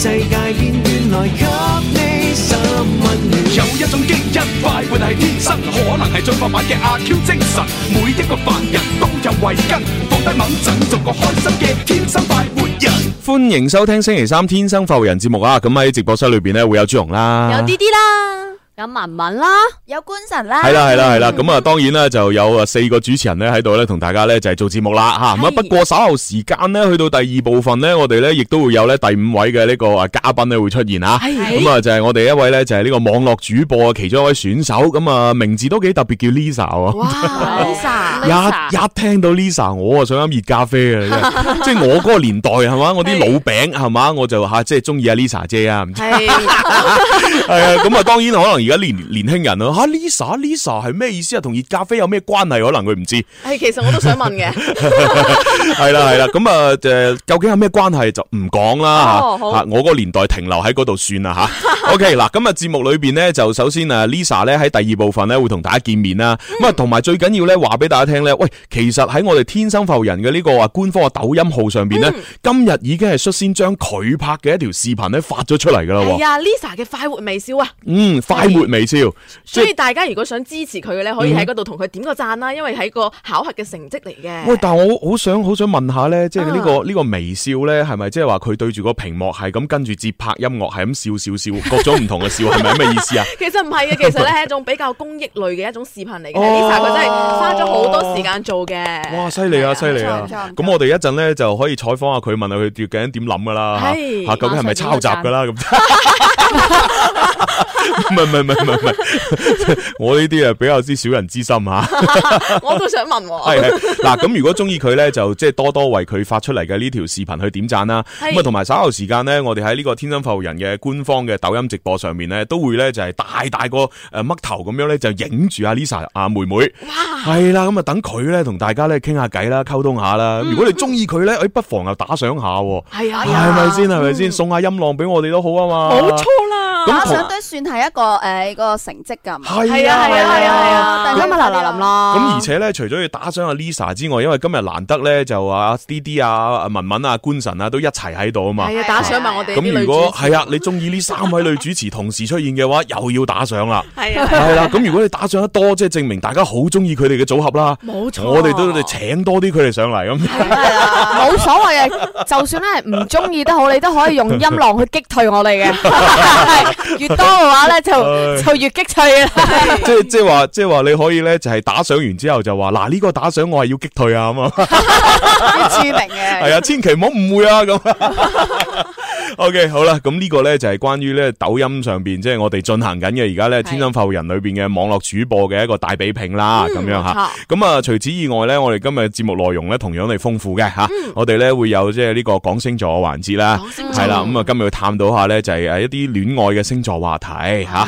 世界變變來給你十萬，有一種基因快活係天生，可能係進化版嘅阿 Q 精神，每一個凡人都有遺根，放低掹緊，做個開心嘅天生快活人。歡迎收聽星期三天生快活人節目啊！咁喺直播室裏邊呢，會有朱紅啦，有啲啲啦。有文文啦，有官神啦，係啦係啦係啦，咁啊，嗯、當然啦，就有啊四個主持人咧喺度咧同大家咧就係做節目啦吓。咁啊，不過稍後時間咧去到第二部分咧，我哋咧亦都會有咧第五位嘅呢個啊嘉賓咧會出現吓。咁啊就係我哋一位咧就係呢個網絡主播啊，其中一位選手。咁啊名字都幾特別，叫 Lisa 啊。哇，Lisa，一一聽到 Lisa，我啊想飲熱咖啡啊，真係 即係我嗰個年代係嘛，我啲老餅係嘛，我就吓即係中意阿 Lisa 姐啊。係啊，咁啊， 當然可能。而家年年輕人咯，啊 Lisa，Lisa 係咩意思啊？同熱咖啡有咩關係？可能佢唔知。係，其實我都想問嘅。 係啦，係啦，咁啊，誒，究竟有咩關係就唔講啦吓。我嗰個年代停留喺嗰度算啦 okay, 啦吓。OK，嗱，咁啊，節目裏邊咧，就首先啊，Lisa 咧喺第二部分咧會同大家見面啦。咁、嗯、啊，同埋最緊要咧話俾大家聽咧，喂，其實喺我哋天生浮人嘅呢個啊官方嘅抖音號上邊咧、嗯，今日已經係率先將佢拍嘅一條視頻咧發咗出嚟噶啦。係、啊、Lisa 嘅快活微笑啊。嗯，快。抹微笑，所以大家如果想支持佢嘅咧，可以喺嗰度同佢點個讚啦，嗯、因為係個考核嘅成績嚟嘅。喂，但係我好想好想問下咧，即係呢個呢、啊、個微笑咧，係咪即係話佢對住個屏幕係咁跟住節拍音樂係咁笑笑笑，各種唔同嘅笑，係咪咩意思啊？其實唔係嘅，其實咧係一種比較公益類嘅一種視頻嚟嘅。哦、Lisa 佢真係花咗好多時間做嘅。哇，犀利啊，犀利啊！咁我哋一陣咧就可以採訪下佢，問下佢究竟點諗噶啦吓吓，究竟係咪抄襲噶啦咁？ 唔係唔係唔係唔係，我呢啲啊比較之小人之心吓。 我都想問係。 嗱咁如果中意佢咧，就即係多多為佢發出嚟嘅呢條視頻去點讚啦。咁啊，同埋稍後時間咧，我哋喺呢個天津浮人嘅官方嘅抖音直播上面咧，都會咧就係大大個誒唛頭咁樣咧，就影住阿 Lisa 阿、啊、妹妹。哇！係啦，咁啊等佢咧同大家咧傾下偈啦，溝通下啦。如果你中意佢咧，誒不妨又打賞下。係啊係咪、哎、先係咪先送下音浪俾我哋都好啊嘛。冇打賞都算係一個誒個、呃、成績噶，係啊係啊係啊，大家咪嗱嗱，諗啦、啊。咁、啊啊啊啊啊、而且咧，除咗要打賞阿 Lisa 之外，因為今日難得咧，就阿、啊、D D 啊、文文啊、官神啊都一齊喺度啊嘛。係啊，打賞埋我哋咁、啊、如果係啊，你中意呢三位女主持同時出現嘅話， 又要打賞啦。係啊，係啦、啊。咁、啊、如果你打賞得多， 即係證明大家好中意佢哋嘅組合啦。冇錯，我哋都嚟請多啲佢哋上嚟咁。冇、啊、 所謂嘅，就算咧唔中意都好，你都可以用音浪去擊退我哋嘅。越多嘅話咧，就就越激退啊 ！即即話即話，你可以咧就係打賞完之後就話，嗱呢個打賞我係要激退啊咁啊！好著名嘅係啊，千祈唔好誤會啊咁。 O.K. 好啦，咁呢個咧就係關於咧抖音上邊，即、就、係、是、我哋進行緊嘅而家咧天生服人裏邊嘅網絡主播嘅一個大比拼啦，咁、嗯、樣吓。咁、嗯、啊、嗯，除此以外咧，我哋今日節目內容咧同樣係豐富嘅吓、嗯。我哋咧會有即係呢個講星座嘅環節啦，係啦。咁啊、嗯，今日去探討下咧就係誒一啲戀愛嘅星座話題吓。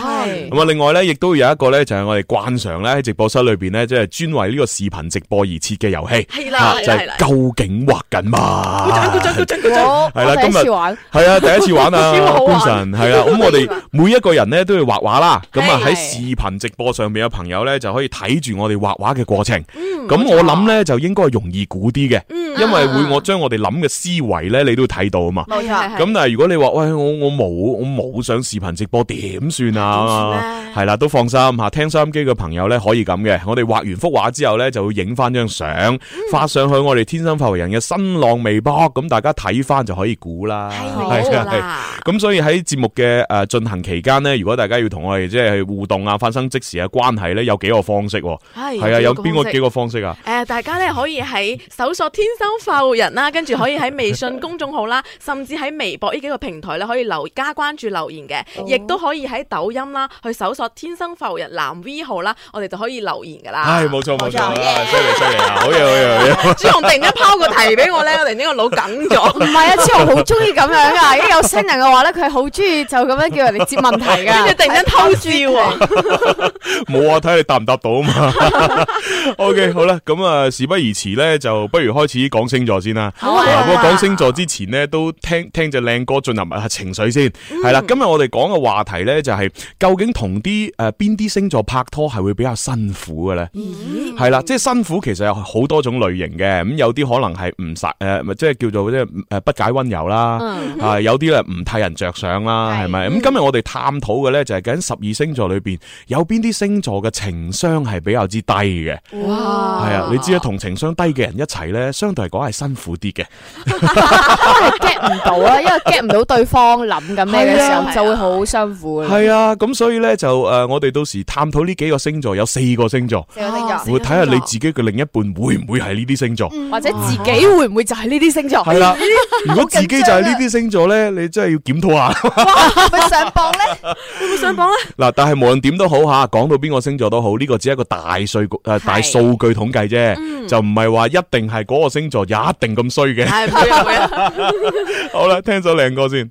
咁啊，另外咧亦都會有一個咧就係我哋慣常咧喺直播室裏邊咧即係專為呢個視頻直播而設嘅遊戲，係啦，就係、是、究竟畫緊嘛？古井古井古井古第一次玩啊，潘神係啊，咁我哋每一個人咧都要畫畫啦。咁啊喺視頻直播上面嘅朋友咧，就可以睇住我哋畫畫嘅過程。咁、嗯、我諗咧、嗯、就應該容易估啲嘅，因為會我將我哋諗嘅思維咧，你都睇到啊嘛。咁、嗯、但係如果你話喂、哎、我我冇我冇上視頻直播點算啊？係啦、啊，都放心吓，聽收音機嘅朋友咧可以咁嘅。我哋畫完幅畫之後咧，就會影翻張相發上去我哋天生發為人嘅新浪微博，咁大家睇翻就可以估啦。咁、嗯，所以喺節目嘅誒進行期間呢，如果大家要同我哋即係互動啊，發生即時嘅關係呢，有幾個方式，係係啊，有邊個幾個方式啊？誒、呃，大家呢可以喺搜索天生浮人啦， 跟住可以喺微信公眾號啦，甚至喺微博呢幾個平台呢可以留加關注留言嘅，亦都可以喺抖音啦去搜索天生浮人藍 V 號啦，我哋就可以留言噶啦。係冇錯冇錯，犀利犀利 yeah! 好嘢好嘢！朱 紅突然間拋個題俾我呢， 我哋呢個腦梗咗。唔係啊，朱紅好中意咁樣。 嗱，一有新人嘅話咧，佢係好中意就咁樣叫人哋接問題噶，跟 住突然間偷笑。冇啊，睇 你答唔答到啊嘛。 o、okay, K，好啦，咁啊，事不宜遲咧，就不如開始講星座先啦。好啊。不過講星座之前咧，都聽聽隻靚歌，進入埋情緒先。係、嗯、啦，今日我哋講嘅話題咧、就是，就係究竟同啲誒邊啲星座拍拖係會比較辛苦嘅咧？係、嗯、啦，即係辛苦其實有好多種類型嘅，咁有啲可能係唔實誒，即係叫做即係誒不解温柔啦。嗯啊。係有啲咧唔替人着想啦，係咪？咁、嗯、今日我哋探討嘅咧就係緊十二星座裏邊有邊啲星座嘅情商係比較之低嘅。哇！係啊，你知啦，同情商低嘅人一齊咧，相對嚟講係辛苦啲嘅。get 唔到啊，因為 get 唔到對方諗緊咩嘅時候，啊、就會好辛苦。係啊，咁、啊啊啊啊、所以咧就誒，我哋到時探討呢幾個星座，有四個星座，啊、四個星座會睇下你自己嘅另一半會唔會係呢啲星座，或者自己會唔會就係呢啲星座。係啦、啊啊，如果自己就係呢啲星座。 咧，你真係要檢討下，會唔會上榜咧？會唔會上榜咧？嗱，但係無論點都好吓，講到邊個星座都好，呢個只係一個大數據誒，大數據統計啫，就唔係話一定係嗰個星座，一定咁衰嘅。好啦，聽首靚歌先。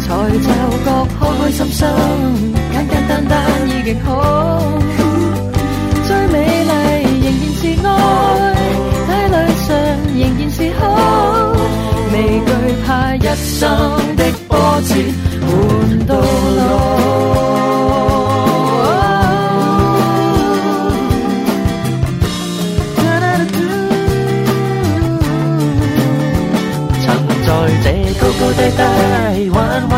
才就覺開開心心，簡簡單單已經好。最美麗仍然是愛，大淚上仍然是好，未懼怕一生的波折換到老。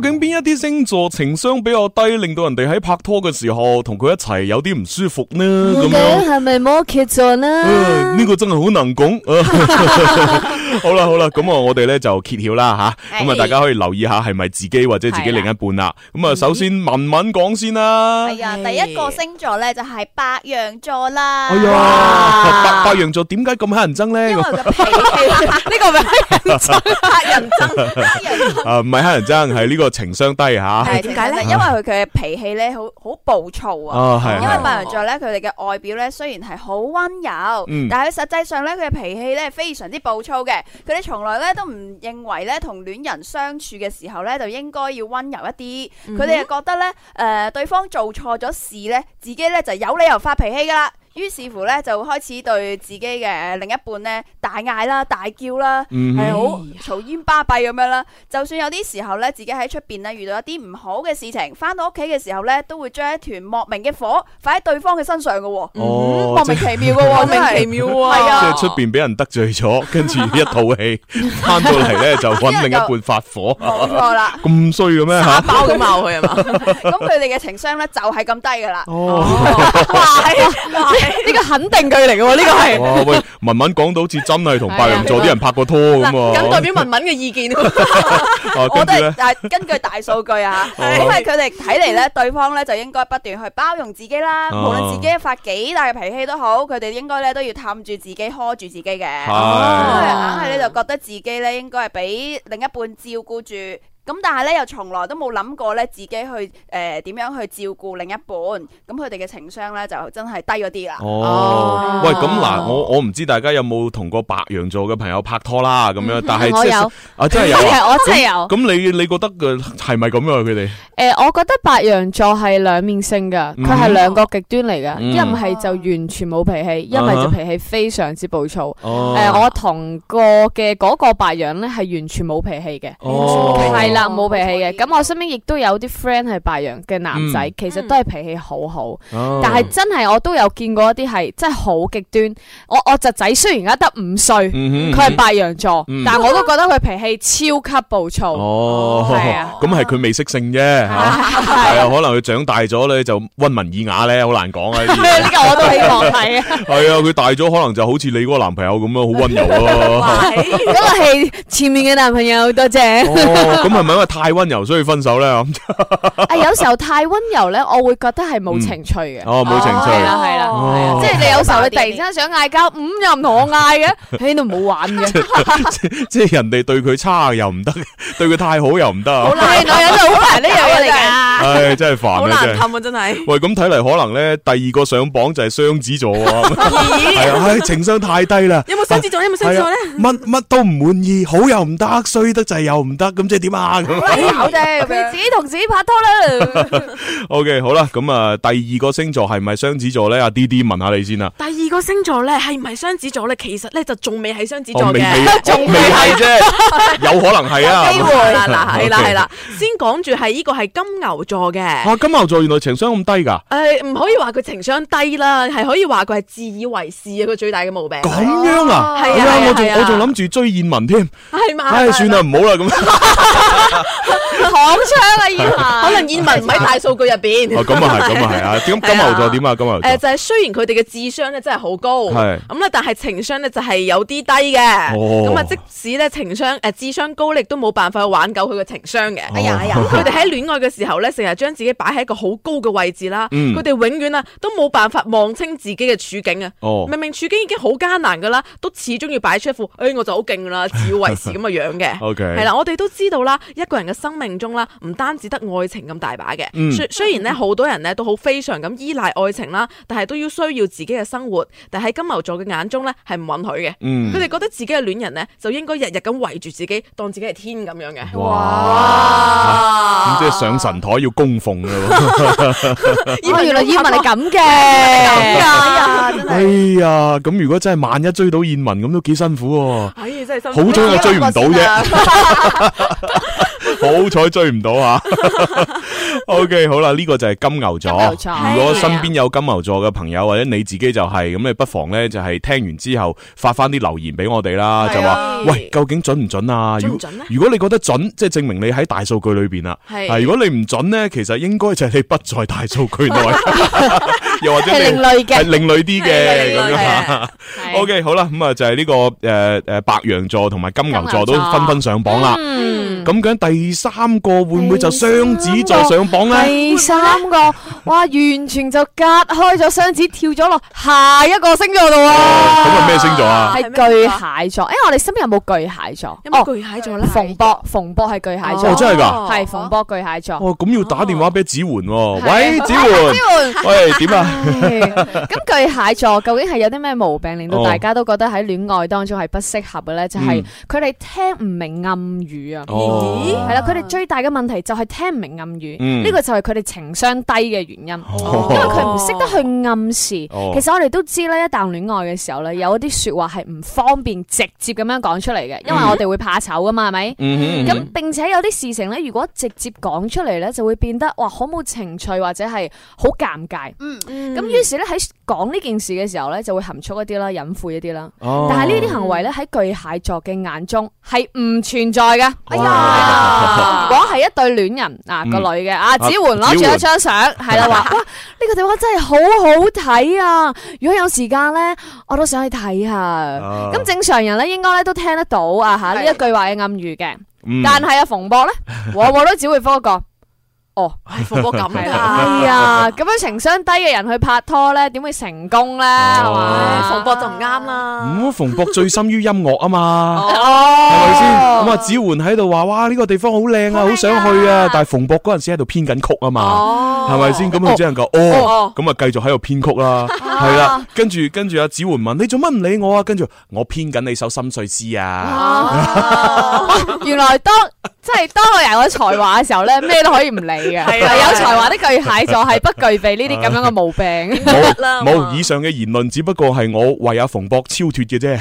究竟邊一啲星座情商比較低，令到人哋喺拍拖嘅時候同佢一齊有啲唔舒服呢？咁、okay, 樣係咪摩羯座呢？呢、啊這個真係、啊、 好難講。好啦好啦，咁啊，我哋咧就揭曉啦吓，咁啊，大家可以留意下係咪自己或者自己另一半啦。咁、hey. 啊，首先文文講先啦。係啊，第一個星座咧就係白羊座啦。哎呀，白白羊座點解咁乞人憎真咧？呢個咪乞人憎乞人憎啊？唔係乞人憎，係 呢、這個。情商低吓，係點解咧？的為 因為佢嘅脾氣咧，好好暴躁啊！哦、的因為白羊座咧，佢哋嘅外表咧，雖然係好溫柔，嗯、但係實際上咧，佢嘅脾氣咧，非常之暴躁嘅。佢哋從來咧都唔認為咧，同戀人相處嘅時候咧，就應該要溫柔一啲。佢哋係覺得咧，誒、呃，對方做錯咗事咧，自己咧就有理由發脾氣噶啦。於是乎咧，就開始對自己嘅另一半咧大嗌啦、大叫啦，係、嗯、好嘈煙巴閉咁樣啦。就算有啲時候咧，自己喺出邊咧遇到一啲唔好嘅事情，翻到屋企嘅時候咧，都會將一團莫名嘅火發喺對方嘅身上嘅喎、喔嗯哦，莫名其妙嘅、喔，莫名其妙的、啊。係啊，即係出邊俾人得罪咗，跟住一肚氣翻到嚟咧就揾另一半發火，冇錯啦，咁衰嘅咩？沙、啊、包咁鬧佢係嘛？咁佢哋嘅情商咧就係、是、咁低嘅啦。哦， 哇 呢 個肯定佢嚟嘅喎，呢個係。哇喂，文文講到好似真係同白羊座啲人拍過拖咁咁 代表文文嘅意見。 我哋係是、 啊、根據大數據啊，咁係佢哋睇嚟咧，對方咧就應該不斷去包容自己啦。啊、無論自己發幾大嘅脾氣都好，佢哋應該咧都要探住自己，呵住自己嘅。硬係咧就覺得自己咧應該係俾另一半照顧住。咁但係咧，又從來都冇諗過咧，自己去誒點樣去照顧另一半。咁佢哋嘅情商咧，就真係低咗啲啦。哦，喂，咁嗱，我我唔知大家有冇同過白羊座嘅朋友拍拖啦，咁樣，但係我有啊，真係有，我真係有。咁你你覺得佢係咪咁樣啊？佢哋誒，我覺得白羊座係兩面性㗎，佢係兩個極端嚟㗎，一唔係就完全冇脾氣，一唔係就脾氣非常之暴躁。誒，我同過嘅嗰個白羊咧係完全冇脾氣嘅，係啦。冇脾氣嘅，咁我身邊亦都有啲 friend 係白羊嘅男仔，其實都係脾氣好好，但係真係我都有見過一啲係真係好極端。我我侄仔雖然而家得五歲，佢係白羊座，但係我都覺得佢脾氣超級暴躁。哦，咁係佢未識性啫，係啊，可能佢長大咗咧就温文爾雅咧，好難講啊。呢個我都希望係啊，係啊，佢大咗可能就好似你嗰個男朋友咁樣，好温柔囉。嗰個係前面嘅男朋友，多謝。係咪因為太溫柔所以分手咧？啊，有時候太溫柔咧，我會覺得係冇情趣嘅。哦，冇情趣。係啦，係啦，即係你有時候突然間想嗌交，唔又唔同我嗌嘅，喺度唔好玩嘅。即係人哋對佢差又唔得，對佢太好又唔得。好啦，我我好難呢樣嘢嚟噶，係真係煩啊，真係。好難氹啊，真係。喂，咁睇嚟可能咧，第二個上榜就係雙子座啊。係啊，唉，情商太低啦。有冇雙子座？有冇雙子座咧？乜乜都唔滿意，好又唔得，衰得滯又唔得，咁即係點啊？咁啊，有你自己同自己拍拖啦 、okay,。O K，好啦，咁啊，第二個星座係咪雙子座咧？阿 D D 問下你先啦。第二個星座咧係唔係雙子座咧？其實咧就仲未係雙子座嘅，仲、哦、未係啫、 啊，有可能係啊。機會嗱嗱係啦係啦，啦啦啦 先講住係呢個係金牛座嘅。啊，金牛座原來情商咁低噶？誒、呃，唔可以話佢情商低啦，係可以話佢係自以為是啊，佢最大嘅毛病。咁樣啊？係、哦、啊,啊,啊,啊,啊,啊,啊，我仲我仲諗住追燕文添。係嘛？唉，算啦，唔好啦，咁。 躺 槍啦、啊！燕文，可能燕文唔喺大數據入邊。咁啊係，咁啊係啊。點金牛座點啊？金牛、啊呃、就係、是、雖然佢哋嘅智商咧真係好高，咁咧但係情商咧就係有啲低嘅。咁、哦、啊，即使咧情商誒、呃、智商高力都冇辦法挽救佢嘅情商嘅、哦。哎呀，咁佢哋喺戀愛嘅時候咧，成日將自己擺喺一個好高嘅位置啦。佢、嗯、哋永遠啊都冇辦法望清自己嘅處境啊、哦。明明處境已經好艱難㗎啦，都始終要擺出一副誒、哎、我就好勁啦，自以為是咁嘅樣嘅。 o、okay，啦、啊，我哋都知道啦。一個人嘅生命中啦，唔單止得愛情咁大把嘅，雖雖然咧好多人咧都好非常咁依賴愛情啦，但係都要需要自己嘅生活，但喺金牛座嘅眼中咧係唔允許嘅，佢、嗯、哋覺得自己嘅戀人咧就應該日日咁圍住自己，當自己係天咁樣嘅，哇！即係、啊、上神台要供奉嘅， 原來伊文係咁嘅。 哎呀，咁如果真係萬一追到燕文，咁都幾辛苦喎、啊。哎呀，真係辛苦，好彩我追唔到啫。哎啊、 好彩追唔到啊。 o、okay, K，好啦，呢、這個就係金，金牛座。如果身邊有金牛座嘅朋友，或者你自己就係、是，咁你不妨呢就係、是、聽完之後發翻啲留言俾我哋啦，就話喂，究竟準唔準啊準唔準呢？如果你覺得準，即、就、係、是、證明你喺大數據裏邊啦。如果你唔準呢，其實應該就係你不在大數據內。 又或者係另類嘅，係另類啲嘅咁樣嚇，OK，好啦，咁啊就係呢個誒、誒、白羊座同埋金牛座都紛紛上榜啦。咁梗第三個會唔會就雙子座上榜咧？第三個，哇，完全就隔開咗雙子，跳咗落下一個星座度啊！咁係咩星座啊？係巨蟹座。誒，我哋身邊有冇巨蟹座？哦，巨蟹座咧。馮博，馮博係巨蟹座。哦，真係噶。係馮博巨蟹座。哦，咁要打電話俾子媛。喂，子媛，喂，點啊？咁巨蟹座究竟係有啲咩毛病，令到大家都覺得喺戀愛當中係不適合嘅咧？就係佢哋聽唔明暗語啊。咦，係啦，佢哋最大嘅問題就係聽唔明暗語，呢、嗯這個就係佢哋情商低嘅原因，oh. 因為佢唔識得去暗示。Oh. 其實我哋都知咧，一旦戀愛嘅時候咧，有一啲說話係唔方便直接咁樣講出嚟嘅，因為我哋會怕醜噶嘛，係、mm、咪 -hmm.？咁、mm -hmm -hmm. 並且有啲事情咧，如果直接講出嚟咧，就會變得哇好冇情趣或者係好尷尬。嗯，咁於是咧喺講呢件事嘅時候咧，就會含蓄一啲啦，隱晦一啲啦。Oh. 但係呢啲行為咧喺巨蟹座嘅眼中係唔存在噶。哎呀！果、啊、係、啊、一對戀人啊、嗯，個女嘅啊，子媛攞住一張相，係啦話，啊、 哇，呢、這個地方真係好好睇啊！如果有時間呢，我都想去睇下。咁、啊、正常人呢應該咧都聽得到啊吓呢、啊啊、一句話嘅暗語嘅、嗯，但係阿馮博呢，往往都只會翻一個。 哦，馮博咁噶、啊啊，哎、嗯、呀、咁、嗯、樣情商低嘅人去拍拖咧，點會成功咧？係咪？馮、啊、博就唔啱啦。咁馮博最深於音樂啊嘛，係咪先？咁啊，子媛喺度話：，哇，呢、這個地方好靚啊，好、哦、想去啊！但係馮博嗰陣時喺度編緊曲啊嘛，係咪先？咁佢只能夠，哦、咁、哦、啊，繼續喺度編曲啦，係、哦、啦。跟住跟住，阿子媛問：，你做乜唔理我啊？跟住我編緊你首心碎詩啊！原來當。 即係當個人有才華嘅時候咧，咩都可以唔理嘅。 有才華的巨蟹座係不具備呢啲咁樣嘅毛病啦。冇、啊、以上嘅言論，只不過係我為阿馮博超脱嘅啫。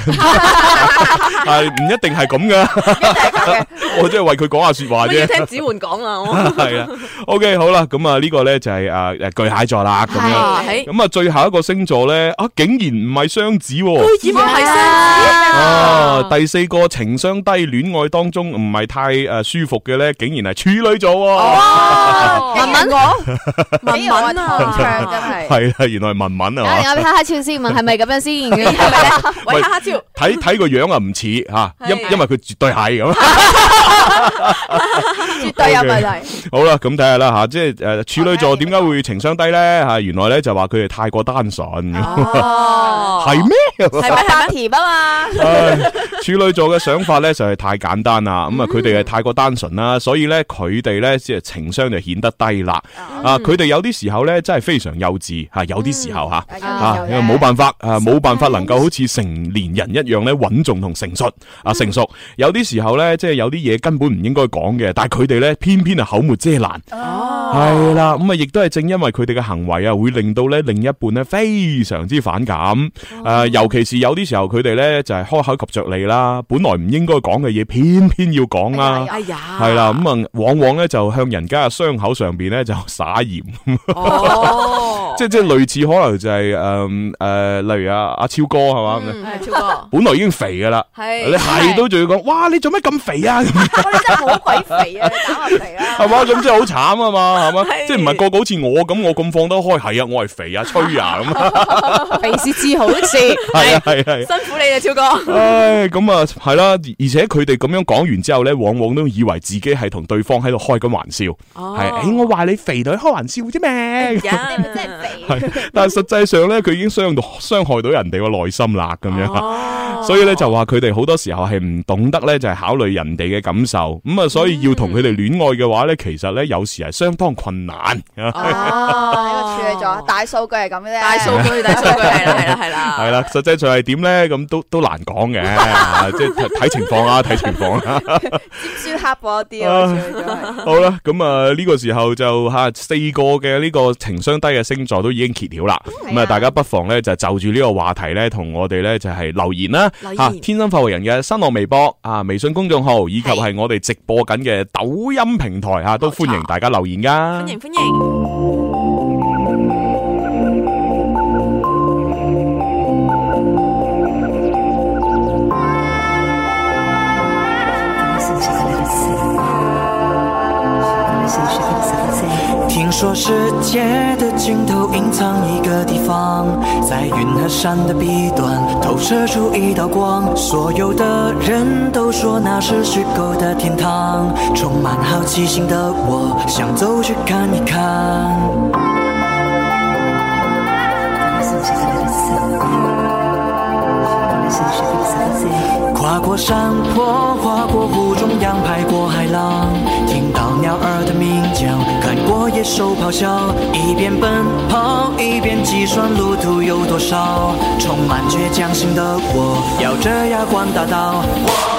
係 唔、啊、一定係咁嘅。我即係為佢講下說話啫。聽子換講啊。係啊。啊 OK，好啦，咁啊呢個咧就係誒誒巨蟹座啦。咁、啊、樣。咁啊最後一個星座咧啊竟然唔係雙子、啊。雙子係啊，啊，啊，第四個情商低，戀愛當中唔係太。誒，舒服嘅咧，竟然係處女座喎、啊！Oh, 文文我，文啊，唱真係係原來文文啊！咁睇下超詩文係咪咁樣先？係咪咧？喂，黑超，睇睇個樣啊，唔似吓，因因為佢絕對係咁， 絕對有問題？Okay, 好啦，咁睇下啦吓，即係誒，處女座點解會情商低咧吓？原來咧就話佢哋太過單純，哦、oh, 是嗎，係咩？係咪太甜啊嘛？處女座嘅想法咧就係太簡單啦，咁啊，佢哋係太。太過單純啦，所以咧佢哋咧即係情商就顯得低啦，嗯。啊，佢哋有啲時候咧真係非常幼稚吓，有啲時候吓，嗯，啊冇辦法啊，冇辦法能夠好似成年人一樣咧穩重同成熟啊，嗯，成熟。有啲時候咧即係有啲嘢根本唔應該講嘅，但係佢哋咧偏偏係口沒遮攔，係啦咁啊，亦都係正因為佢哋嘅行為啊，會令到咧另一半咧非常之反感。誒，哦啊，尤其是有啲時候佢哋咧就係、是、開口及着你啦，本來唔應該講嘅嘢，偏偏要講啦，啊。哎哎呀，係啦，咁啊，往往咧就向人家嘅傷口上邊咧就撒鹽，哦、 即係即係類似可能就係誒誒，例如阿阿超哥係嘛，超哥，係嘛、嗯、係超哥 本來已經肥噶啦，係都仲要講，哇你做咩咁肥啊？我真係好鬼肥啊，打落肥啊，係 嘛，咁真係好慘啊嘛，係嘛，即係唔係個個好似我咁，我咁放得開，係啊，我係肥啊，吹啊咁啊，肥 好 是自豪的事，係係係，辛苦你啊，超哥。唉、哎，咁啊係啦，而且佢哋咁樣講完之後咧，往往。都以為自己係同對方喺度開緊玩笑，係、oh. 誒，我話你肥女開玩笑啫咩、yeah. 但係實際上咧，佢已經傷到傷害到人哋個內心啦，咁樣。Oh. 所以咧就話佢哋好多時候係唔懂得咧，就係考慮人哋嘅感受咁啊，所以要同佢哋戀愛嘅話咧，其實咧有時係相當困難啊！呢、哦、個、 哦、處理咗，大數據係咁啫， 大數據，大數據係啦係啦係啦，實際上係點咧？咁都都難講嘅，即係睇情況啊，睇情況啊，尖酸刻薄啲咯，啊、 好啦，咁啊呢個時候就吓四、啊、個嘅呢個情商低嘅星座都已經揭曉啦，咁、嗯、啊大家不妨咧就就住呢個話題咧，同我哋咧就係留言啦、啊。吓、啊，天生發圍人嘅新浪微博啊，微信公眾號以及係我哋直播緊嘅抖音平台吓、啊，都歡迎大家留言噶、啊。歡迎歡迎。聽說世界的盡頭隱藏一個地方，在雲和山的彼端透射出一道光。所有的人都說那是虛構的天堂，充滿好奇心的我，想走去看一看。跨過山坡，跨過湖中央，拍過海浪，聽到鳥兒的鳴叫。野獸咆哮，一邊奔跑一邊計算路途有多少。充滿倔強心的我，咬着牙關打道。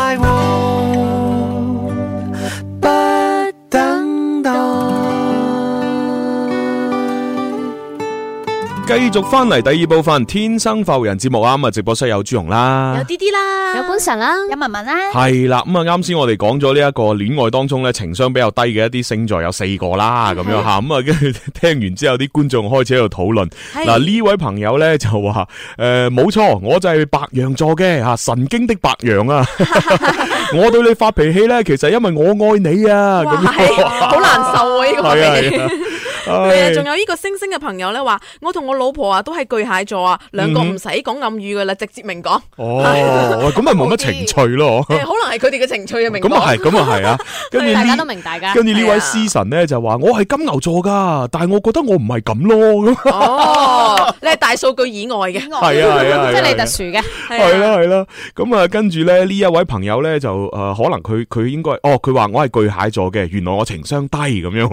繼續翻嚟第二部分《天生發人》節目啊，咁啊直播室有朱紅啦，有 D D 啦，有官神啦，啊，有文文啦，啊，係啦，咁啊啱先我哋講咗呢一個戀愛當中咧情商比較低嘅一啲星座有四個啦，咁樣吓，咁啊跟住聽完之後啲觀眾開始喺度討論，嗱呢，啊，位朋友咧就話誒冇錯我就係白羊座嘅神經的白羊啊， 我對你發脾氣咧，其實因為我愛你啊，好難受啊呢，這個脾氣。誒，仲 有呢個星星嘅朋友咧，話我同我老婆啊都係巨蟹座啊，兩個唔使講暗語噶啦，直接明講 哦，哦，咁咪冇乜情趣咯， 哎，可能係佢哋嘅情趣啊， 就是，明。咁啊係，咁啊係啊。跟住大家都明大家。跟住呢位獅神咧就話我係金牛座噶，但係我覺得我唔係咁咯。 哦，你係大數據以外嘅，係 啊，即係、啊啊啊、 你特殊嘅。係啦係啦，咁啊跟住咧呢一位朋友咧就誒，可能佢佢應該哦，佢話我係巨蟹座嘅，原來我情商低咁樣。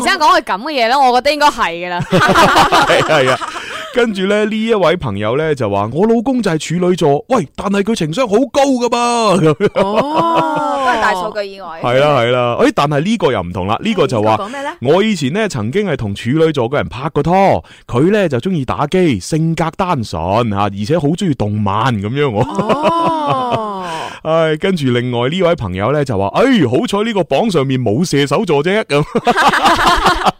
而家講佢咁嘅嘢咧，我覺得應該係噶啦。係啊，跟住咧呢一位朋友咧就話：我老公就係處女座，喂，但係佢情商好高噶噃。哦， 都係大數據以外。係啦係啦，誒，但係呢個又唔同啦。呢 個就話講咩咧？我以前咧曾經係同處女座嘅人拍過拖，佢咧就中意打機，性格單純吓，而且好中意動漫咁樣我、哦。哦唉，跟住另外呢位朋友呢，就話，哎，好彩呢個榜上面冇射手座啫咁。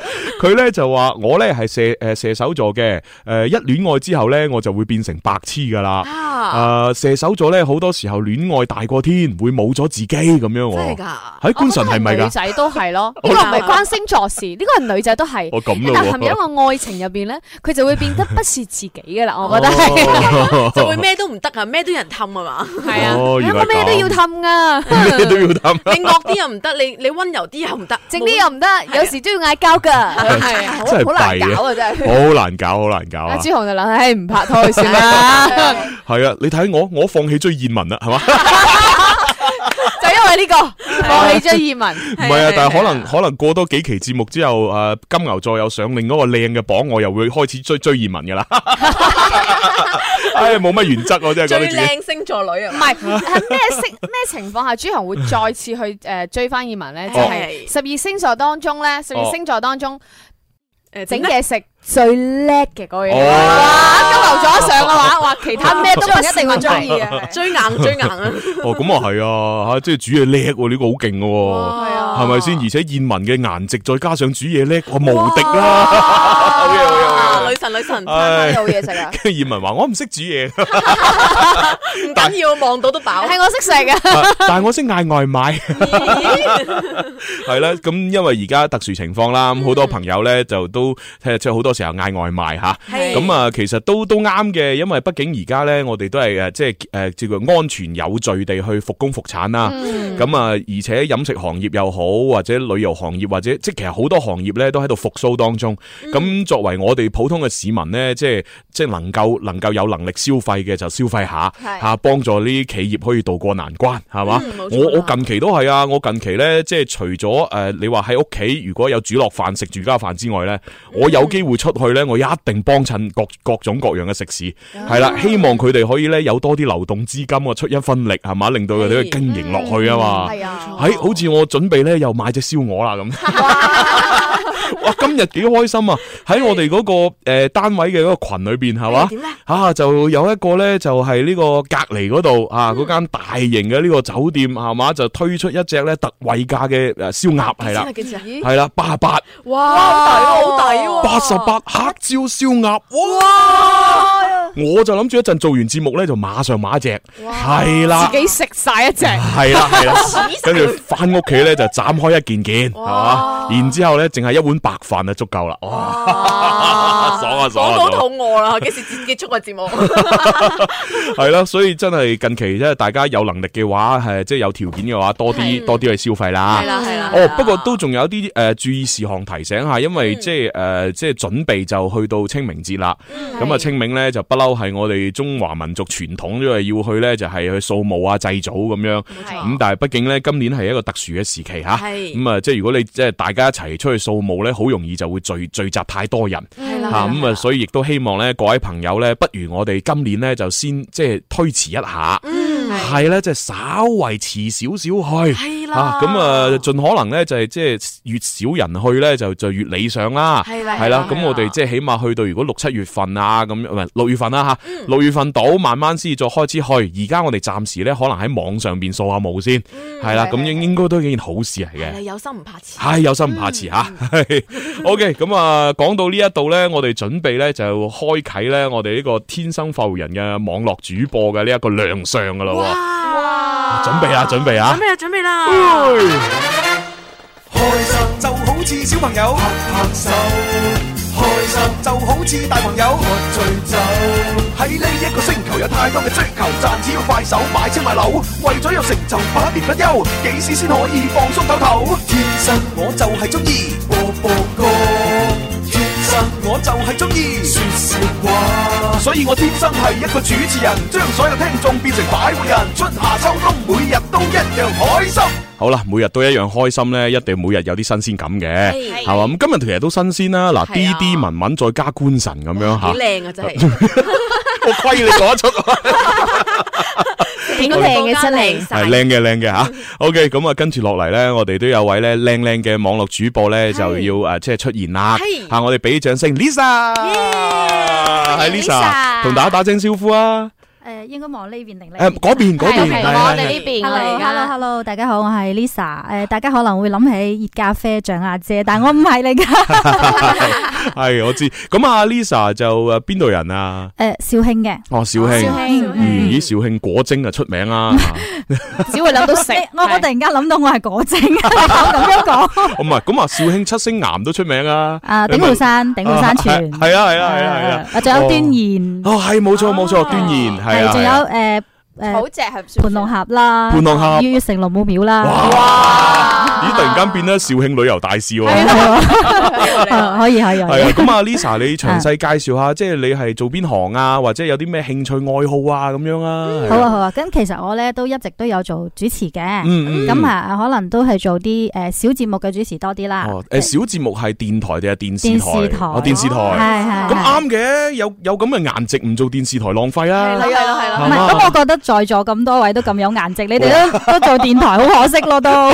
佢咧就話，我咧係射誒射手座嘅，誒，一戀愛之後咧我就會變成白痴噶啦。啊射、呃、手座咧好多時候戀愛大過天會冇咗自己咁樣我真噶。喺官神係咪噶，女仔都係咯，呢個唔係關星座事呢 個係女仔都係咁，但係因為愛情入邊咧佢就會變得不是自己噶啦我覺得、 哦、 就會咩都唔得啊，咩都有人氹啊嘛。係啊，我咩都要氹啊，咩都要氹 你惡啲又唔得，你你溫柔啲又唔得正啲又唔得，有時都要嗌交噶。係、啊，真係好難搞啊！真係，好難搞，好難搞啊！阿志雄就諗，起唔拍拖算啦。係 啊,啊,啊，你睇我，我放棄追燕文啦，係嘛？ 就因為呢、這個放棄追燕文。唔係啊,啊,啊,啊，但係可能可能過多幾期節目之後，誒、呃，金牛座又上另一個靚嘅榜，我又會開始追追燕文噶啦。 唉、哎，冇乜原則喎、啊，真 係最靚星座女 啊！唔係，係咩星咩情況下朱紅會再次去誒、 呃、追翻燕文咧？就係十二星座當中咧，十二星座當中誒整嘢食最叻嘅嗰個東西，交流咗上嘅話，話其他咩都一定會中意嘅，追硬追硬啊！ 哦，咁啊係啊，吓即係煮嘢叻、啊，這個害啊啊、是是呢個好勁嘅，係咪先？而且燕文嘅顏值再加上煮嘢叻、啊，我無敵啦、啊！陳女神有嘢食啊！跟住葉文話：我唔識煮嘢，唔緊要，望到都飽。係我識食啊，但係我識嗌外賣。係啦，咁因為而家特殊情況啦，咁好多朋友咧，就都即係即係好多時候嗌外賣吓。咁啊，其實都都啱嘅，因為畢竟而家咧，我哋都係誒，即係誒，叫做安全有序地去復工復產啦。咁啊，而且飲食行業又好，或者旅遊行業或者，即係其實好多行業咧都喺度復甦當中。咁、嗯、作為我哋普通嘅市民咧，即係即係能夠能夠有能力消費嘅就消費下，嚇、啊、幫助呢啲企業可以渡過難關，係嘛、嗯？我我近期都係啊，我近期咧即係除咗誒、呃、你話喺屋企如果有煮落飯食住家飯之外咧、嗯，我有機會出去咧，我一定幫襯各各種各樣嘅食肆，係啦、嗯，希望佢哋可以咧有多啲流動資金啊，出一分力係嘛，令到佢哋去經營落去啊嘛。係啊，哎、好似我準備咧又買隻燒鵝啦咁，哇！ 哇今日幾開心啊！喺我哋嗰、嗰個誒、呃、單位嘅嗰個群裏邊係嘛？點咧、啊啊？就有一個咧就係、是、呢個隔離嗰度啊，嗰間大型嘅呢個酒店係嘛，就推出一隻咧特惠價嘅誒燒鴨係啦，係啦八十八，哇，好抵好抵，八十八黑椒燒鴨，哇！哇我就諗住一陣做完節目咧，就馬上買一隻，係啦，自己食晒一隻，係啦係啦，跟住翻屋企咧就斬開一件件，係嘛，啊，然之後咧淨係一碗白飯就足夠啦，哇，爽啊爽，我都肚餓啦，幾時結束個節目？係啦，所以真係近期即係大家有能力嘅話，係即係有條件嘅話，多啲多啲去消費啦，係啦係啦。哦、oh，不過都仲有啲誒注意事項提醒下，因為即係誒即係準備就去到清明節啦，咁啊清明咧就不。係我哋中華民族傳統，因為要去呢，就係去掃墓啊、祭祖咁樣。咁但係畢竟呢，今年係一個特殊嘅時期吓。咁啊，即係如果你即係大家一齊出去掃墓呢，好容易就會聚聚集太多人吓。咁啊，所以亦都希望呢各位朋友呢，不如我哋今年呢，就先即係推遲一下，係、嗯、呢，即係稍微遲少少去。吓咁啊，盡、啊、可能咧就係即係越少人去咧，就就越理想啦。係啦，咁我哋即係起碼去到如果六七月份啊，咁唔係六月份啦、啊、吓，六、嗯、月份到慢慢先至再開始去。而家我哋暫時咧，可能喺網上邊掃下毛先。係、嗯、啦，咁應應該都係一件好事嚟嘅。有心唔怕遲，有心唔怕遲吓。O K。咁啊，講、嗯 okay, 啊、到呢一度咧，我哋準備咧就開啟咧我哋呢個天生浮人嘅網絡主播嘅呢一個亮相噶喎。準備啊！準備啊！準備啊！準備啦、啊！開心、啊、就好似小朋友拍拍手，開心就好似大朋友喝醉酒。喺呢一個星球有太多嘅追求，賺錢要快手，買車買樓，為咗有成就百，百年不休。幾時先可以放鬆唞唞？天生我就係中意播播歌。我就係中意說笑話，所以我天生係一個主持人，將所有聽眾變成擺渡人，春夏秋冬每日都一樣開心。好啦，每日都一樣開心咧，一定每日有啲新鮮感嘅，係嘛？咁今日其實都新鮮啦。嗱，啲啲文文再加官神咁樣吓，幾靚啊真係，我虧你講得出，幾靚嘅真靚，係靚嘅靚嘅吓。OK，咁啊跟住落嚟咧，我哋都有位咧靚靚嘅網絡主播咧就要誒即係出現啦。吓，我哋俾掌聲，Lisa，係 Lisa，同大家打聲招呼啊！誒，應該望呢邊定嗰邊。誒，嗰邊嗰邊係我哋呢邊嚟噶。Hello，Hello，Hello，大家好，我係 Lisa。誒，大家可能會諗起熱咖啡、像阿姐，但係我唔係嚟噶。係我知。咁啊，Lisa 就誒邊度人啊？誒，肇慶嘅。哦，肇慶。肇慶。嗯，咦，肇慶果蒸啊出名啊，只會諗到食。我我突然間諗到我係果蒸，口咁樣講。唔係，咁啊，肇慶七星岩都出名啊。啊，鼎湖山，鼎湖山泉。係啊，係啊，係啊，係啊。啊，仲有端硯。哦，係，冇錯冇錯，端硯。係仲有誒誒，盤龍峽啦，盤龍峽，悅城龍母廟啦。哇哇哇。咦！突然間變咗肇慶旅遊大使喎，可以可以。係啊。咁啊，Lisa，你詳細介紹下，即係你係做邊行啊，或者有啲咩興趣愛好啊咁樣啊？好啊，好啊。咁其實我咧都一直都有做主持嘅，咁、嗯、啊、嗯，可能都係做啲誒小節目嘅主持多啲啦。誒、嗯哦、小節目係電台定係電視台？電視台、哦，係、啊、係。咁啱嘅，有有咁嘅顏值，唔做電視台浪費啊！係啦係啦係，咁我覺得在座咁多位都咁有顏值、哦，你哋都都做電台好 可惜咯都，都。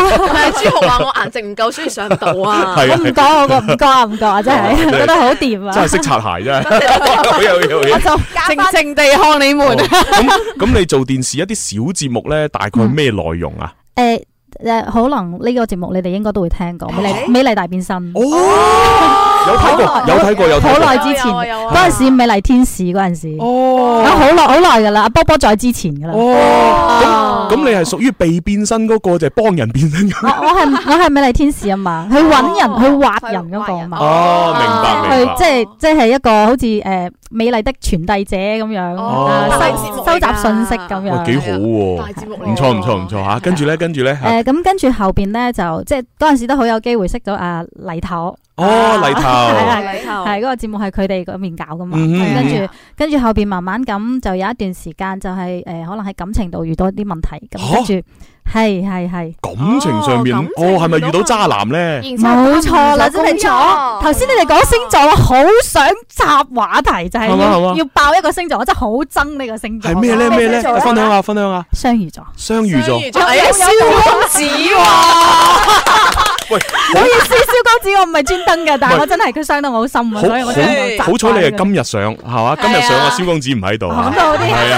說我話我顏值唔夠，需 要上到啊！我唔講我個唔講唔講啊，真係覺得好掂啊！真係識擦鞋啫， 好有嘢。我靜靜地看你們。咁咁， 哦、你做電視一啲小節目咧，大概咩內容啊？誒 誒、嗯欸呃，可能呢個節目你哋應該都會聽過《美 麗美麗大變身》哦。 有睇過、oh, 過，有睇過，有好耐之前嗰陣時，時，美麗天使嗰陣時，哦，好耐，好耐噶啦，阿波波再之前噶啦，哦、oh.，咁你係屬於被變身嗰、那個，就係、是、幫人變身噶嘛、oh. 我我係我係美麗天使啊嘛，去搵人、oh. 去挖人嗰個啊嘛，哦、oh. 啊，明白佢即係即係一個好似誒美麗的傳遞者咁樣，收、oh. 收集信息咁樣，幾、欸、好喎、啊，大節目嚟，唔錯唔錯唔錯吓、啊，跟住咧、啊，跟住咧，誒、啊，咁、啊、跟住後邊咧就即係嗰陣時都好有機會識咗阿麗頭哦，泥頭係係泥頭，係嗰個節目係佢哋嗰邊搞噶嘛，跟住跟住後邊慢慢咁就有一段時間就係誒可能喺感情度遇到啲問題，跟住係係係感情上面，哦係咪遇到渣男咧？冇錯啦，真係錯。頭先你哋講星座，我好想插話題，就係要要爆一個星座，我真係好憎呢個星座。係咩咧？咩咧？分享下，分享下。雙魚座，雙魚座，哎呀，小公子喎。喂，唔好意思，蕭公子我唔係專登嘅，但係我真係佢傷到我好深，所以我是好彩你係今日上係嘛，今日上啊，蕭、啊、公子唔喺度，係啊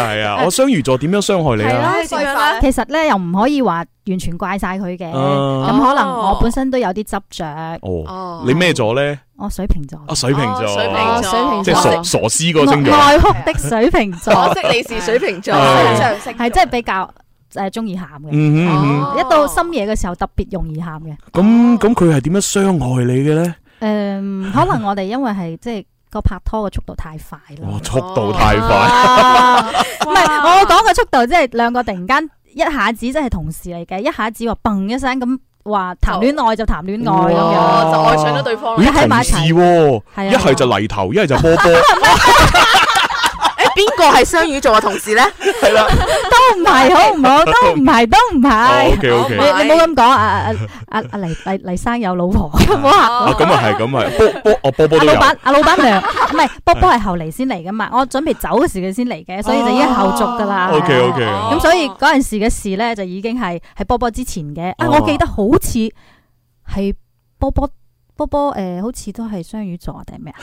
係 啊，啊，我雙魚座點樣傷害你啊？啊呢其實咧又唔可以話完全怪晒佢嘅，咁、啊、可能我本身都有啲執着。哦、啊啊，你咩座咧？我水瓶座，啊水瓶座，啊、水瓶座、啊座，啊、座，即係傻、啊、傻撕個星座。愛哭的水瓶座，即你是、啊、水瓶座，係即係比較。誒，中意喊嘅，一、嗯、到、嗯嗯嗯、深夜嘅時候特別容易喊嘅。咁咁佢係點樣傷害你嘅咧？誒、嗯，可能我哋因為係即係個拍拖嘅速度太快啦，速度太快。唔係， 我講嘅速度即係兩個突然間一下子即係同事嚟嘅，一下子話嘣一聲咁話談戀愛就談戀愛咁樣，就愛上咗對方一係同一係、啊啊啊、就泥頭，一係就波波。 邊個係雙魚座嘅同事咧？係啦，都唔係，好唔好？都唔係，都唔係、 哦 okay , okay。你你唔好咁講啊啊啊啊黎黎黎，黎生有老婆、 啊，咁啊係，咁啊、就是就是、啊、啊、啊波波哦、 啊啊啊、波波。阿老闆阿老闆娘唔係波波係後嚟先嚟噶嘛？我準備走嘅時佢先嚟嘅，所以就已經後續噶啦。O K O K。咁、okay, okay, 啊、所以嗰陣時嘅事咧就已經係喺波波之前嘅。啊，我記得好似係波波。波波，誒、呃，好似都係雙魚座定係咩啊？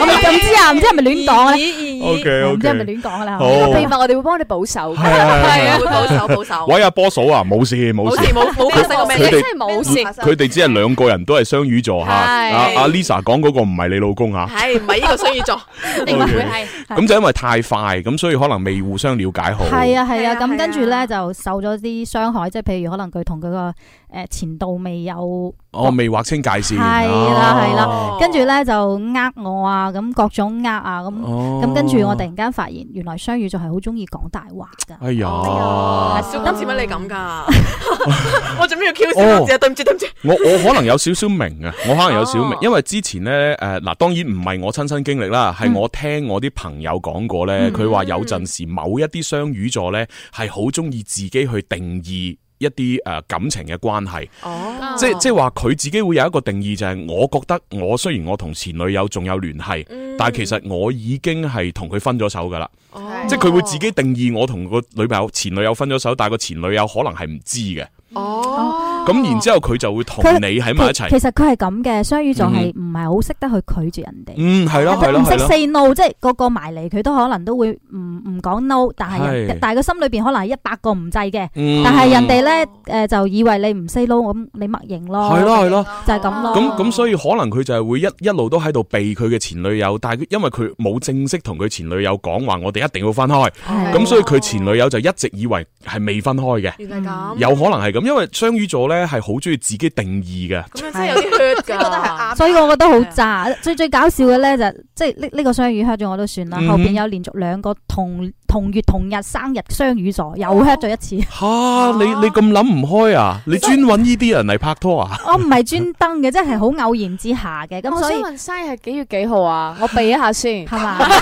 我唔知啊，唔、欸、知係咪亂講啊？唔、欸欸 okay, okay, 知係咪亂講啦？哦、呢個秘密我哋會幫你保守嘅、哦啊啊啊啊，保守保守。喂，阿波嫂啊，冇事冇事，佢哋冇事，佢哋只係兩個人都係雙魚座嚇。阿、啊啊啊啊啊、Lisa 講嗰個唔係你老公啊，是啊？係唔係呢個雙魚座？定唔會係？咁就因為太快，咁所以可能未互相了解好。係啊係啊，咁、啊啊啊嗯啊啊、跟住咧、啊、就受咗啲傷害，即係譬如可能佢同佢個。誒，前度未有，我、哦、未劃清界線。係啦係啦，跟住咧就呃我啊，咁各種呃啊，咁咁跟住我突然間發現，原來雙魚座係好中意講大話噶。哎呀，小金錢乜你咁噶？ 我做咩要 Q 少你啊？對唔住對唔住。我我可能有少少明啊，我可能有少明，有明、哦，因為之前咧誒嗱，當然唔係我親身經歷啦，係、嗯、我聽我啲朋友講過咧，佢、嗯、話有陣時某一啲雙魚座咧係好中意自己去定義。一啲誒感情嘅關係，oh. 即係即係話佢自己會有一個定義，就係、是、我覺得我雖然我同前女友仲有聯繫，mm. 但係其實我已經係同佢分咗手噶啦。Oh. 即係佢會自己定義我同個女朋友前女友分咗手，但係個前女友可能係唔知嘅。Oh. 咁然之後佢就會同你喺埋一齊，其實佢係咁嘅，雙魚座係唔係好識得去拒絕人哋。嗯，係咯，係咯，唔識 say no，、mm -hmm. 即係個個埋嚟，佢都可能都會唔唔講 no，但係人但係佢心裏邊可能係一百個唔制嘅。嗯、mm -hmm.，但係人哋咧誒就以為你唔 say no，咁你默認咯。係咯，係 咯，就係咁咯。咁咁所以可能佢就係會一一路都喺度避佢嘅前女友，但係因為佢冇正式同佢前女友講話，我哋一定要分開，係，咁所以佢前女友就一直以為係未分開嘅。原來咁，有可能係咁，因為雙魚座咧。咧係好中意自己定義嘅，咁真係有啲血，覺得係，所以我覺得好渣。最最搞笑嘅咧就，即係呢呢個雙魚嚇咗我都算啦，後邊有連續兩個同。嗯同月同日生日雙魚座，又吃咗一次嚇！你你咁諗唔開啊？你專揾呢啲人嚟拍拖啊？我唔係專登嘅，即係好偶然之下嘅。咁所以問生日係幾月幾號啊？我避一下先，係 嘛是吧？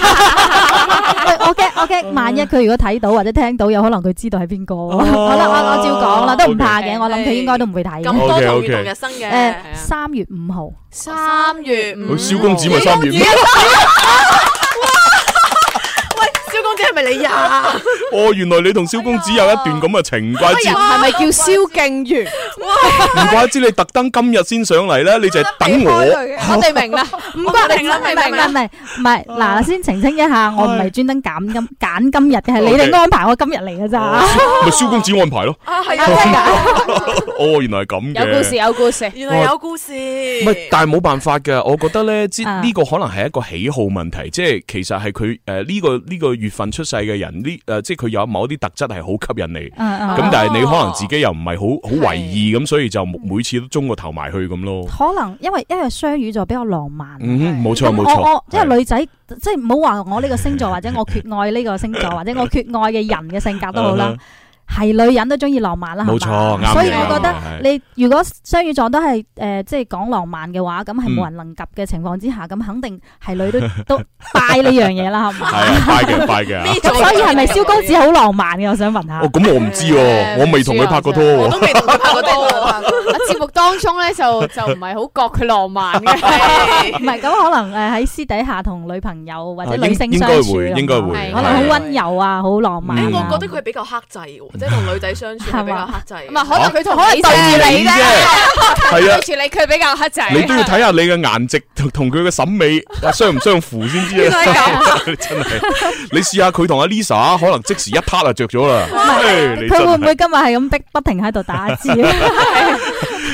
我驚我驚，萬一佢如果睇到或者聽到，有可能佢知道係邊個。好 啦， 我我照講啦，都唔怕嘅。Okay, 我諗佢應該都唔會睇。咁多同月同日生嘅誒，三、哦、月五號，三月五。公子咪三月 你呀？哦，原來你同蕭公子有一段咁嘅情，唔怪之係咪叫蕭敬如？唔怪之你特登今日先上嚟咧，你就係等我。我哋明啦，唔怪之唔係唔係唔係，嗱先澄清一下，我唔係專登揀今揀今日嘅，係你哋安排我今日嚟嘅咋？咪蕭公子安排咯？啊，係真噶？哦，原來係咁嘅。有故事，有故事，原來有故事。唔係，但係冇辦法嘅，我覺得咧，即呢個可能係一個喜好問題，即係其實係佢誒呢個呢個月份出生。嘅人呢？誒、呃，即係佢有某啲特質係好吸引你，咁、啊、但係你可能自己又唔係好好為意，咁、哦、所以就每次都中個頭埋去咁、嗯、咯。可能因為因為雙魚座比較浪漫，嗯哼，冇錯冇錯。因為女仔即係唔好話我呢個星座， 或者我缺愛呢個星座， 或者我缺愛嘅人嘅性格都好啦。 uh -huh. 係女人都中意浪漫啦，冇錯，係嘛？所以我覺得你如果雙魚座都係誒，即係講浪漫嘅話，咁係冇人能及嘅情況之下，咁、嗯、肯定係女人都 都拜呢樣嘢啦，係嘛？係啊， 拜嘅拜嘅。 所以係咪蕭公子好浪漫嘅？我想問下。哦，咁我唔知哦，我未同佢拍過拖，我都未同佢拍過拖。節目當中咧就就唔係好覺佢浪漫嘅 唔係咁可能誒喺私底下同女朋友或者女性相處咯，應該會，可能好溫柔啊，好浪漫。誒、嗯，我覺得佢比較克制，即係同女仔相處比較克制。唔、啊、係可能佢同你咧，係啊，對住你佢比較克制。你都要睇下你嘅顏值同同佢嘅審美相唔相符先知道 啊！ 真係，你試下佢同阿 Lisa 可能即時一撻啊着咗啦！佢會唔會今日係咁逼，不停喺度打字？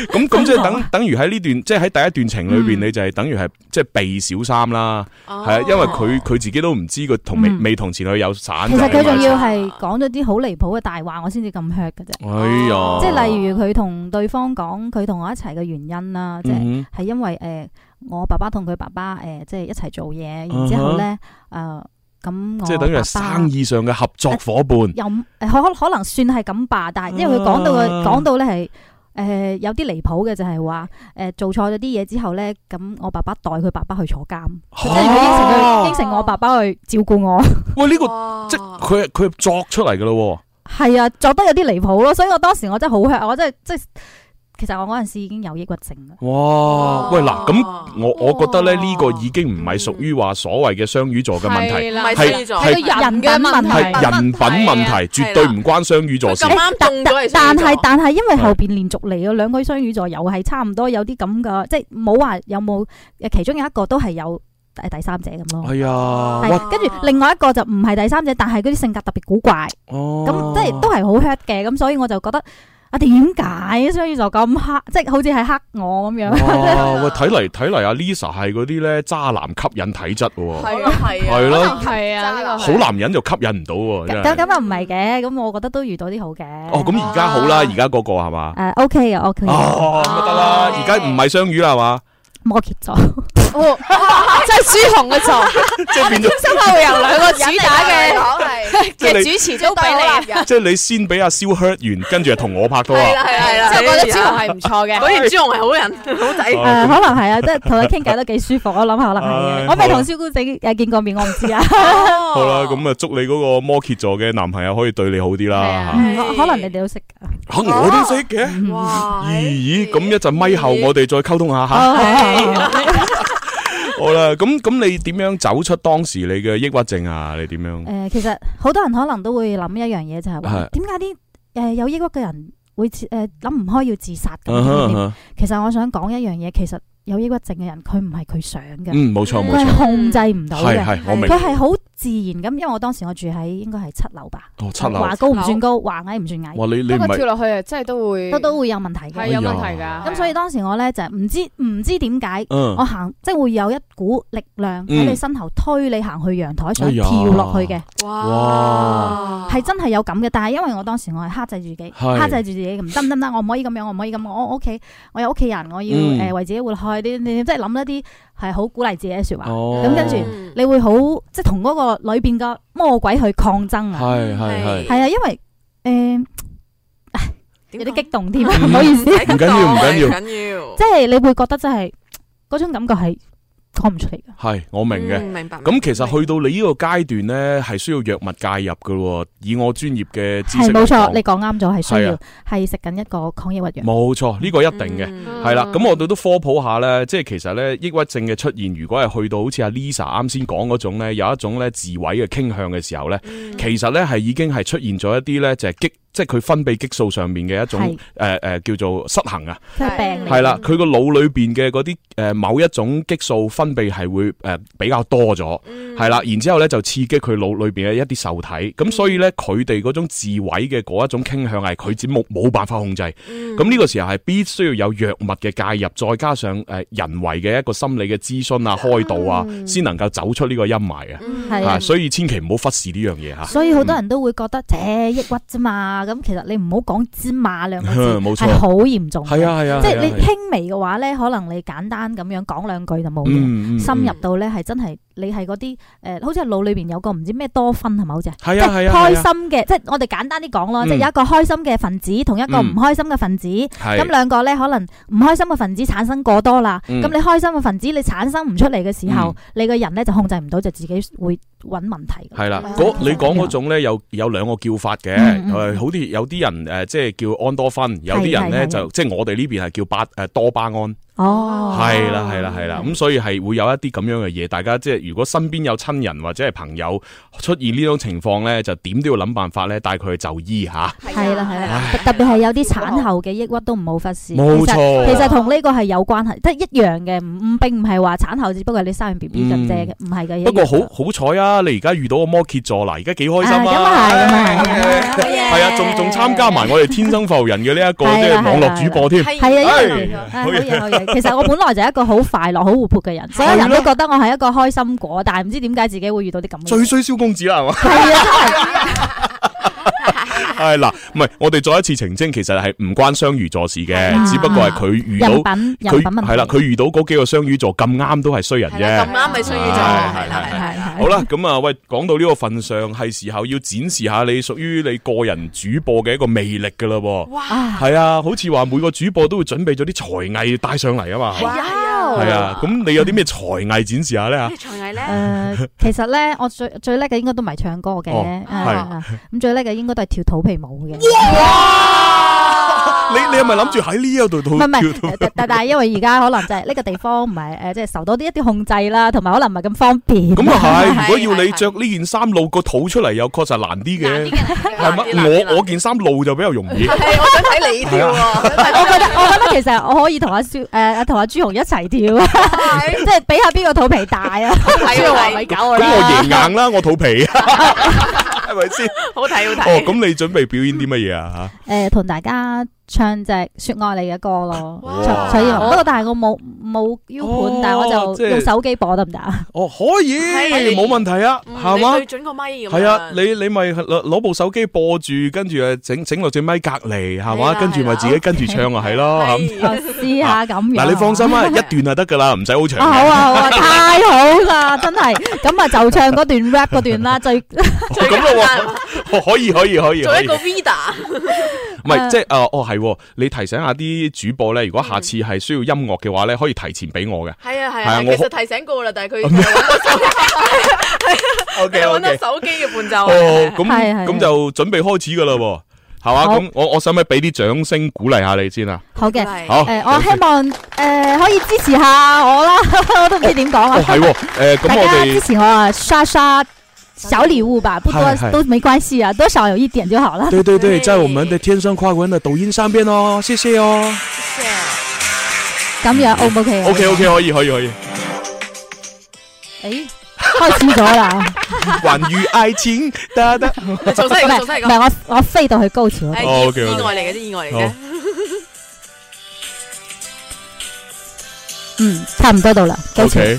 咁 咁即係等等於喺呢段即係喺第一段情裏邊，嗯，你就係等於係即係避小三啦，係、哦、啊，因為佢佢自己都唔知佢同、嗯、未未同前女友散，散。其實佢仲要係講咗啲好離譜嘅大話，我先至咁吃㗎啫。哎呀，即係例如佢同對方講佢同我一齊嘅原因啦，即係係因為誒、呃、我爸爸同佢爸爸誒、呃、即係一齊做嘢，然之後咧誒咁即係等於係生意上嘅合作夥伴，呃、可可能算係咁吧，但係、啊、因為佢講到個講到咧係。誒、呃，有啲離譜嘅就係、是、話，誒、呃、做錯咗啲嘢之後咧，咁我爸爸代佢爸爸去坐監，即係佢應承佢應承我爸爸去照顧我。喂，呢、這個哇即係佢佢作出嚟㗎咯？係啊，作得有啲離譜咯，所以我當時我真係好吃，我真係即係。其實我嗰陣時已經有抑鬱症啦。哇，喂嗱，咁我我覺得咧呢個已經唔係屬於話所謂嘅雙魚座嘅問題，係係人嘅問題，係人品問題，絕對唔關雙魚座事。咁啱，但但係但係因為後邊連續嚟啊，兩個雙魚座又係差唔多有啲咁嘅，即係冇話有冇誒，其中有一個都係有第第三者咁咯。係啊，跟住另外一個就唔係第三者，但係嗰啲性格特別古怪，咁即係都係好 hurt 嘅，咁所以我就覺得。啊，點解雙魚就咁黑，即係好似係黑我咁樣？ 喂，睇嚟睇嚟，阿 Lisa 係嗰啲咧渣男吸引體質，係咯係咯，係啊、這個，好男人就吸引唔到。咁咁又唔係嘅，咁我覺得都遇到啲好嘅。哦，咁而家好啦，而家嗰個係嘛？誒、啊、okay,，OK 啊，OK。哦、得、啊、啦，而家唔係雙魚啦，係嘛？摩羯座。 即係朱紅嘅座，即係變咗身後有兩個主打嘅嘅主持都俾你，即係你先俾阿蕭 hurt 完，跟住啊同我拍拖啊，即係覺得朱紅係唔錯嘅，果然朱紅係好人好仔，可能係啊，即係同佢傾偈都幾舒服，我諗下可能我未同蕭姑仔誒見過面，我唔知啊。好啦，咁啊祝你嗰個摩羯座嘅男朋友可以對你好啲啦。可能你哋都識噶吓，我都識嘅。哇，咦咦，咁一陣咪後我哋再溝通下吓。好啦，咁咁你點樣走出當時你嘅抑鬱症啊？你點樣？誒，其實好多人可能都會諗一樣嘢就係話，點解啲誒有抑鬱嘅人會誒諗唔開要自殺咁？Uh -huh. 其實我想講一樣嘢，其實。有抑鬱症嘅人，佢唔係佢想嘅，佢係、嗯、控制唔到嘅。我明、嗯。佢係好自然咁，因為我當時我住喺應該係七樓吧。哦，七樓。話高唔算高，話樓矮唔算矮。哇！你你唔係跳落去啊，真係都會都都會有問題嘅。係有問題㗎。咁所以當時我咧就係唔知唔知點解，我行即係會有一股力量喺你身後推你行去陽台上、嗯、跳落去嘅、哎。哇！哇係真係有咁嘅，但係因為我當時我係克制住自己，克制住自己，唔得唔得唔得，我唔可以咁樣，我唔可以咁，我屋企，我有屋企人，我要誒為自己活落去，啲啲即係諗一啲係好鼓勵自己嘅說話。咁跟住你會好，即係同嗰個裏邊嘅魔鬼去抗爭啊！係係啊，因為誒、呃，有啲激動添，唔 好意思，唔緊要，唔緊要，即係、就是、你會覺得真係嗰種感覺係。講唔出嚟嘅，係我明嘅、嗯，明白。咁其實去到你個階呢個階段咧，係需要藥物介入㗎咯。以我專業嘅知識，係冇錯，你講啱咗，係需要，係食緊一個抗抑鬱藥。冇錯，呢、這個一定嘅，係、嗯、啦。咁我哋都科普下咧，即係其實咧，抑鬱症嘅出現，如果係去到好似阿 Lisa 啱先講嗰種咧，有一種咧自毀嘅傾向嘅時候咧、嗯，其實咧係已經係出現咗一啲咧，就係、是、激。即係佢分泌激素上面嘅一種誒誒、呃、叫做失衡啊，係啦，佢個腦裏邊嘅嗰啲誒某一種激素分泌係會誒、呃、比較多咗，係、嗯、啦，然之後咧就刺激佢腦裏邊嘅一啲受體，咁、嗯、所以咧佢哋嗰種自毀嘅嗰一種傾向係佢只冇冇辦法控制，咁、嗯、呢個時候係必須要有藥物嘅介入，再加上誒、呃、人為嘅一個心理嘅諮詢啊、開導啊，先能夠走出呢個陰霾、嗯、啊，吓，所以千祈唔好忽視呢樣嘢吓。所以好多人都會覺得，誒、嗯，抑鬱咋嘛？咁其實你唔好講芝麻兩個字，冇錯，係好嚴重的。係啊係啊，即係、啊啊啊啊就是、你輕微嘅話咧、啊啊啊啊，可能你簡單咁樣講兩句就冇、嗯嗯嗯。深入到咧係真係。你係嗰啲誒，好似腦裏邊有個唔知咩多酚係咪好似，即係開心嘅、啊啊啊，即係我哋簡單啲講咯，即係有一個開心嘅分子同一個唔開心嘅分子，咁、嗯、兩個咧可能唔開心嘅分子產生過多啦，咁、嗯、你開心嘅分子你產生唔出嚟嘅時候，嗯、你個人咧就控制唔到，就自己會揾問題。係啦、啊，你講嗰種咧有有兩個叫法嘅，誒好啲有啲人誒即係叫安多酚，有啲人咧就，是是是就即係我哋呢邊係叫巴誒多巴胺。哦，係啦，係啦，係啦，咁所以係會有一啲咁樣嘅嘢，大家即係如果身邊有親人或者係朋友出現呢種情況咧，就點都要諗辦法咧帶佢去就醫吓。係啦，係啦，特別係有啲產後嘅抑鬱都唔好忽視。冇錯，其實同呢個係有關係，得一樣嘅，唔並唔係話產後，只不過係你生完 B B 咁啫，唔係嘅。不過好，嗯、好彩啊，你而家遇到個摩羯座，嗱，而家幾開心啊咁啊係，咁啊仲仲參加埋我哋天生浮人嘅呢一個即係 網絡主播添。係啊。 其實我本來就係一個好快樂、好活潑嘅人，所以，所有人都覺得我係一個開心果，但係唔知點解自己會遇到啲咁嘅。最衰蕭公子係嘛？係啊！ 係 啦，唔係我哋再一次澄清，其實係唔關雙魚座事嘅，啊，只不過係佢遇到佢係啦，佢遇到嗰幾個雙魚座咁啱都係衰人啫。咁啱咪衰魚座，係係係係。好啦，咁啊，喂，講到呢個份上，係時候要展示下你屬於你個人主播嘅一個魅力噶啦喎，係啊，好似話每個主播都會準備咗啲才藝帶上嚟啊嘛。啊。係啊，咁你有啲咩才藝展示下咧才藝咧？誒、啊，其實咧，我最最叻嘅應該都唔係唱歌嘅，係、哦、咁、啊啊、最叻嘅應該都係跳肚皮舞嘅。哇哇你你係咪諗住喺呢一度度？唔係唔係，但但係因為而家可能就係呢個地方唔係誒，即 係受到啲一啲控制啦，同埋可能唔係咁方便。咁啊係，如果要你着呢件衫露個肚出嚟，又確實難啲嘅。係咪？我我件衫露就比較容易。我想睇你跳、啊。啊、 我覺得我覺得其實我可以同阿朱誒，同阿朱紅一齊跳， 即係比下邊個肚皮大啊。朱搞咁我，我， 是是我，我贏硬硬啦，我肚皮啊，係咪先？好睇，好睇。哦，咁你準備表演啲乜嘢啊？吓、嗯？誒、呃，同大家。唱隻說愛你嘅歌咯，所以不過但係我冇冇 U 盤，但係我、哦、我就用手機播得唔得啊？哦，可以，冇問題啊，係、嗯、嘛？對準個咪，要係啊，你你咪攞攞部手機播住，跟住啊整整落隻咪隔籬，係嘛？跟住咪、啊啊、自己跟住唱啊，係咯，咁、啊。我試下咁樣，嗱，你放心啊， 一段就得噶啦，唔使好長、啊。好啊好啊，太好啦，真係。咁 啊就唱嗰段 rap 嗰 段啦，就咁咯。哦， 可以可以可以。做一個 Vida 唔係，即係啊，哦係。你提醒下啲主播咧，如果下次係需要音樂嘅話咧，可以提前俾我嘅。係啊係啊，其實提醒過啦，但係佢。 OK OK。用手機嘅伴奏。哦、oh,，咁咁就準備開始噶啦，係嘛？咁我我使唔使俾啲掌聲鼓勵下你先啊？好嘅，好。誒、呃，我希望誒、呃、可以支持下我啦， 我都唔知點講、哦、啊。係、哦、誒，呃、我哋支持我啊，沙沙。小禮物吧，不多都沒關係啊，嘿嘿多少有一點就好了。對對對，在我們的天生跨國人的抖音上邊哦，謝謝哦。謝謝。咁樣 O 唔 OK？OK OK 可以可以可以。誒，開始咗啦。關於 愛情，得得。唔係 我我飛到去高潮。哦，意外嚟嘅，啲、哦 okay, okay. 意外嚟嘅。哦、 嗯，差唔多到啦，o k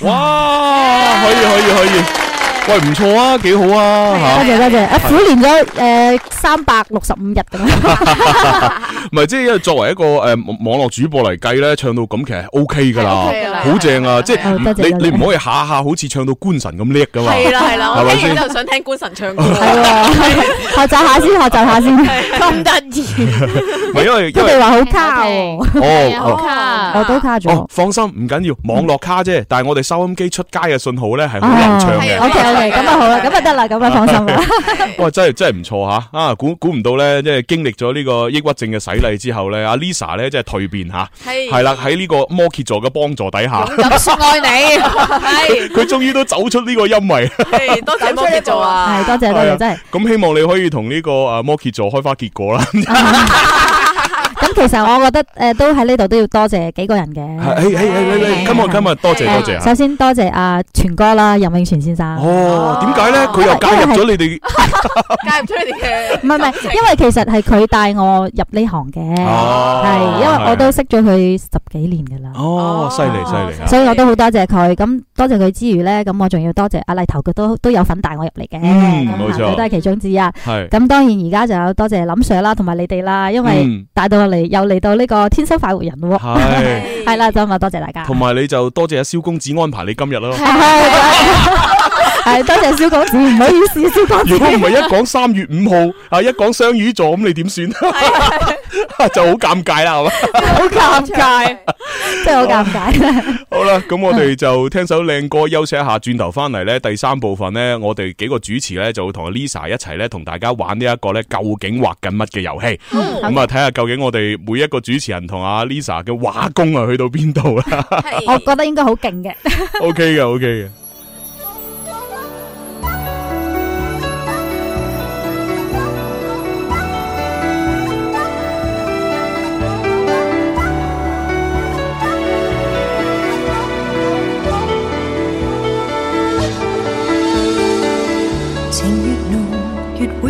哇！可以可以可以。可以。喂，唔錯啊，幾好啊，多謝多謝，苦練咗誒三百六十五日咁。唔、呃、係、啊、 即係因為作為一個誒、呃、網絡主播嚟計咧，唱到咁其實 O K 噶啦，O K 啦，好、okay、正啊！即係、啊啊啊就是啊、你、啊、你唔、啊、可以下下好似唱到官神咁叻噶嘛？係啦係啦，我之前都想聽官神唱，歌！喎、啊啊啊啊，學習一下先，學習一下先，咁、啊、得意。因為因哋話好卡喎，哦，卡，我都卡咗。放心唔緊要，網絡卡啫，但係我哋收音機出街嘅信號咧係好流暢嘅。咁、嗯、啊好啦，咁啊得啦，咁啊放心啦。哇、啊，真係真係唔錯吓，啊估估唔到咧，即係經歷咗呢個抑鬱症嘅洗禮之後咧，阿 Lisa 咧即係蛻變吓，係係啦，喺呢個摩羯座嘅幫助底下，咁算愛你，係佢終於都走出呢個陰霾，多謝摩羯座，多謝多謝多謝多謝啊，係多謝真係。咁希望你可以同呢、這個摩羯、啊、座開花結果啦。 咁 其實我覺得誒都喺呢度都要多謝幾個人嘅。今日今日多謝多謝。多謝首先多謝阿、啊、全哥啦，任永全先生。哦，點解咧？佢又加入咗你哋，加入咗你哋嘅。唔係唔係，因為其實係佢帶我入呢行嘅，係、啊、因為我都識咗佢十幾年㗎啦。哦，犀利犀利。所以我都好多謝佢。咁多謝佢之餘咧，咁我仲要多謝阿、啊、麗頭，佢都都有份帶我入嚟嘅。嗯，冇、嗯、錯，都係其中之一。咁當然而家就有多謝林 Sir 啦，同埋你哋啦，因為帶到，嚟又嚟到呢個天生快活人咯喎，係啦，就咁啊 多謝大家，同埋你就多謝阿蕭公子安排你今日咯。 係， 多謝,謝小哥，唔好意思，小哥，如果唔係一講三月五號，啊 一講雙魚座，咁你點算？ 就好尷尬啦，係嘛？好尷尬，真係好尷尬。 尷尬 好啦，咁我哋就聽首靚歌休息一下，轉頭翻嚟咧，第三部分咧，我哋幾個主持咧，就會同阿 Lisa 一齊咧，同大家玩呢一個咧，究竟畫緊乜嘅遊戲？咁 啊、嗯，睇下究竟我哋每一個主持人同阿 Lisa 嘅畫工啊，去到邊度啦？ 我覺得應該好勁嘅。OK 嘅，OK 嘅。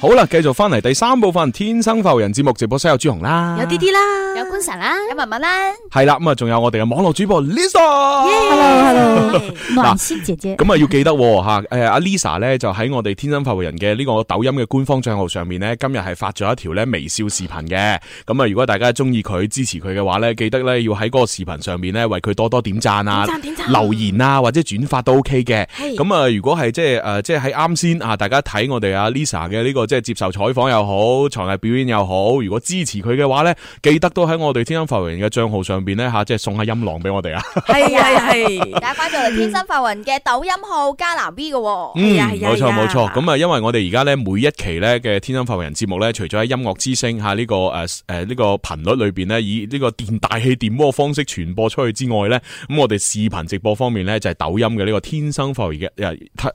好啦，繼續翻嚟第三部分《天生發為人》節目直播室。有朱紅啦，有啲啲啦，有官神啦，有默默啦，係啦，咁啊，仲有我哋嘅網絡主播 Lisa，hello hello，文姐姐，咁啊，要記得吓，誒、 啊，阿、啊、Lisa 咧就喺我哋《天生發為人》嘅呢個抖音嘅官方賬號上面咧，今日係發咗一條咧微笑視頻嘅，咁啊，如果大家中意佢支持佢嘅話咧，記得咧要喺個視頻上面咧為佢多多點讚啊，點讚留言啊或者轉發都 OK 嘅，咁啊，如果係即係誒即係喺啱先啊，大家睇我哋阿、啊、Lisa 嘅呢個。即係接受採訪又好，才藝表演又好，如果支持佢嘅話咧，記得都喺我哋天生發浮人嘅賬號上邊咧吓，即係送下音浪俾我哋啊！係係係，大家關注我哋天生發浮人嘅抖音號加藍 V 嘅。嗯，冇錯冇錯。咁啊，因為我哋而家咧每一期咧嘅天生發浮人節目咧，除咗喺音樂之聲吓呢個誒誒呢個頻率裏邊咧以呢個電大氣電波嘅方式傳播出去之外咧，咁我哋視頻直播方面咧就係抖音嘅呢個天生發浮嘅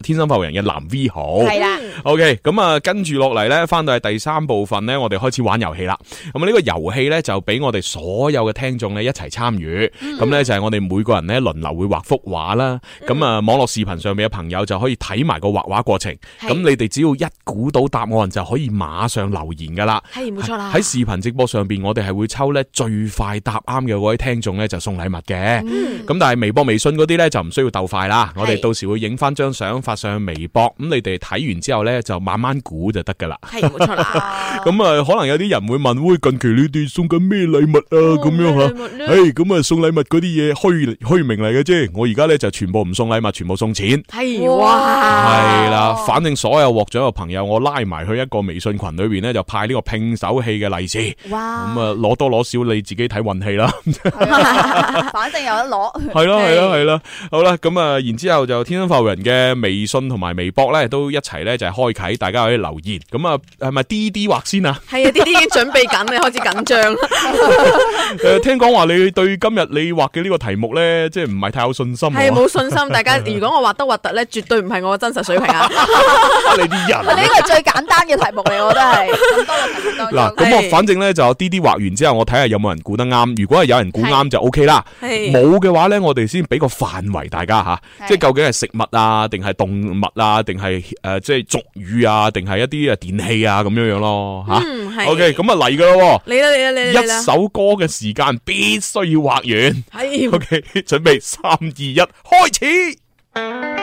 天生發浮人嘅藍 V 號。係啦。OK，咁啊跟住。落嚟咧，翻到去第三部分咧，我哋開始玩遊戲啦。咁啊，呢個遊戲咧就俾我哋所有嘅聽眾咧一齊參與。咁、嗯、咧、嗯、就係我哋每個人咧輪流會畫幅畫啦。咁、嗯、啊、嗯，網絡視頻上面嘅朋友就可以睇埋個畫畫過程。咁你哋只要一估到答案就可以馬上留言噶啦。係，冇錯啦。喺視頻直播上邊，我哋係會抽咧最快答啱嘅位聽眾咧就送禮物嘅。咁、嗯、但係微，微，微博、微信嗰啲咧就唔需要鬥快啦。我哋到時會影翻張相發上去微博。咁你哋睇完之後咧就慢慢估就得。噶啦，係冇錯啦。咁啊，可能有啲人會問會、哎、近期你哋送緊咩禮物啊？咁樣吓，係咁啊，送禮物嗰啲嘢虛虛名嚟嘅啫。我而家咧就全部唔送禮物，全部送錢。係哇，係、嗯、啦，反正所有獲獎嘅朋友，我拉埋去一個微信群裏邊咧，就派呢個拼手氣嘅利是。哇，咁、嗯、啊，攞多攞少你自己睇運氣啦。 反正有得攞，係咯係咯係咯。好啦，咁、嗯、啊，然之後就天生發育人嘅微信同埋微博咧，都一齊咧就係開啟，大家可以留言。咁啊，係咪 D D 畫先啊？係啊，D D 已經準備緊你開始緊張。誒，聽講話你對今日你畫嘅呢個題目咧，即係唔係太有信心、啊？係冇信心， 大家如果我畫得核突咧，絕對唔係我嘅真實水平啊！ 你啲人，呢個係最簡單嘅題目嚟，我都係。嗱， 咁我反正咧就 D D 畫完之後，我睇下有冇人估得啱。如果係有人估啱就 OK 啦，冇嘅話咧，我哋先俾個範圍大家吓，即係究竟係食物啊，定係動物啊，定係誒即係俗語啊，定係一啲電器啊咁樣樣咯吓，嗯係，OK，咁啊嚟噶咯，嚟啦嚟啦嚟啦，一首歌嘅時間必須要畫完，OK，準備三二一，3, 2, 1, 開始。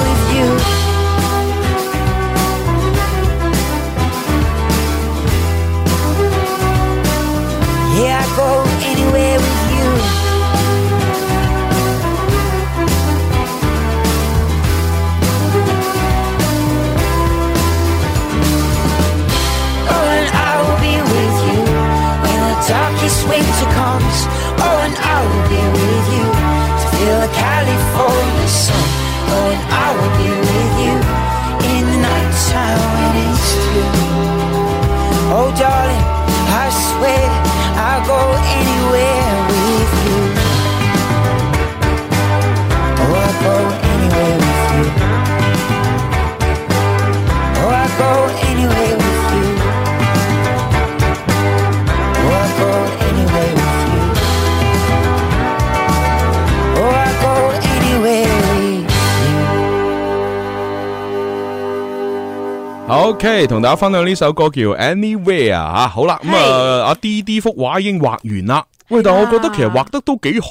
同、okay, 大家分享呢首歌叫 Anywhere 吓、啊，好啦咁、嗯、啊，阿 D D 幅畫已經畫完啦、啊。喂，但係我覺得其實畫得都幾好、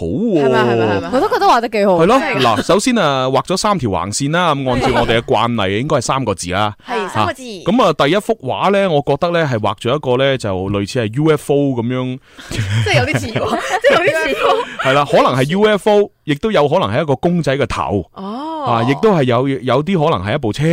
啊、好，我都覺得畫得幾好。係咯，嗱，首先啊，畫咗三條橫線啦，咁、啊、按照我哋嘅慣例，應該係三個字啦、啊，係、啊啊啊、三個字。咁啊、嗯、啊，第一幅畫咧，我覺得咧係畫咗一個咧，就類似係 U F O 咁樣， 即係有啲似， 即係有啲似。係 啦、啊，可能係 U F O，亦都有可能係一個公仔嘅頭。哦，啊，亦都係有有啲可能係一部車。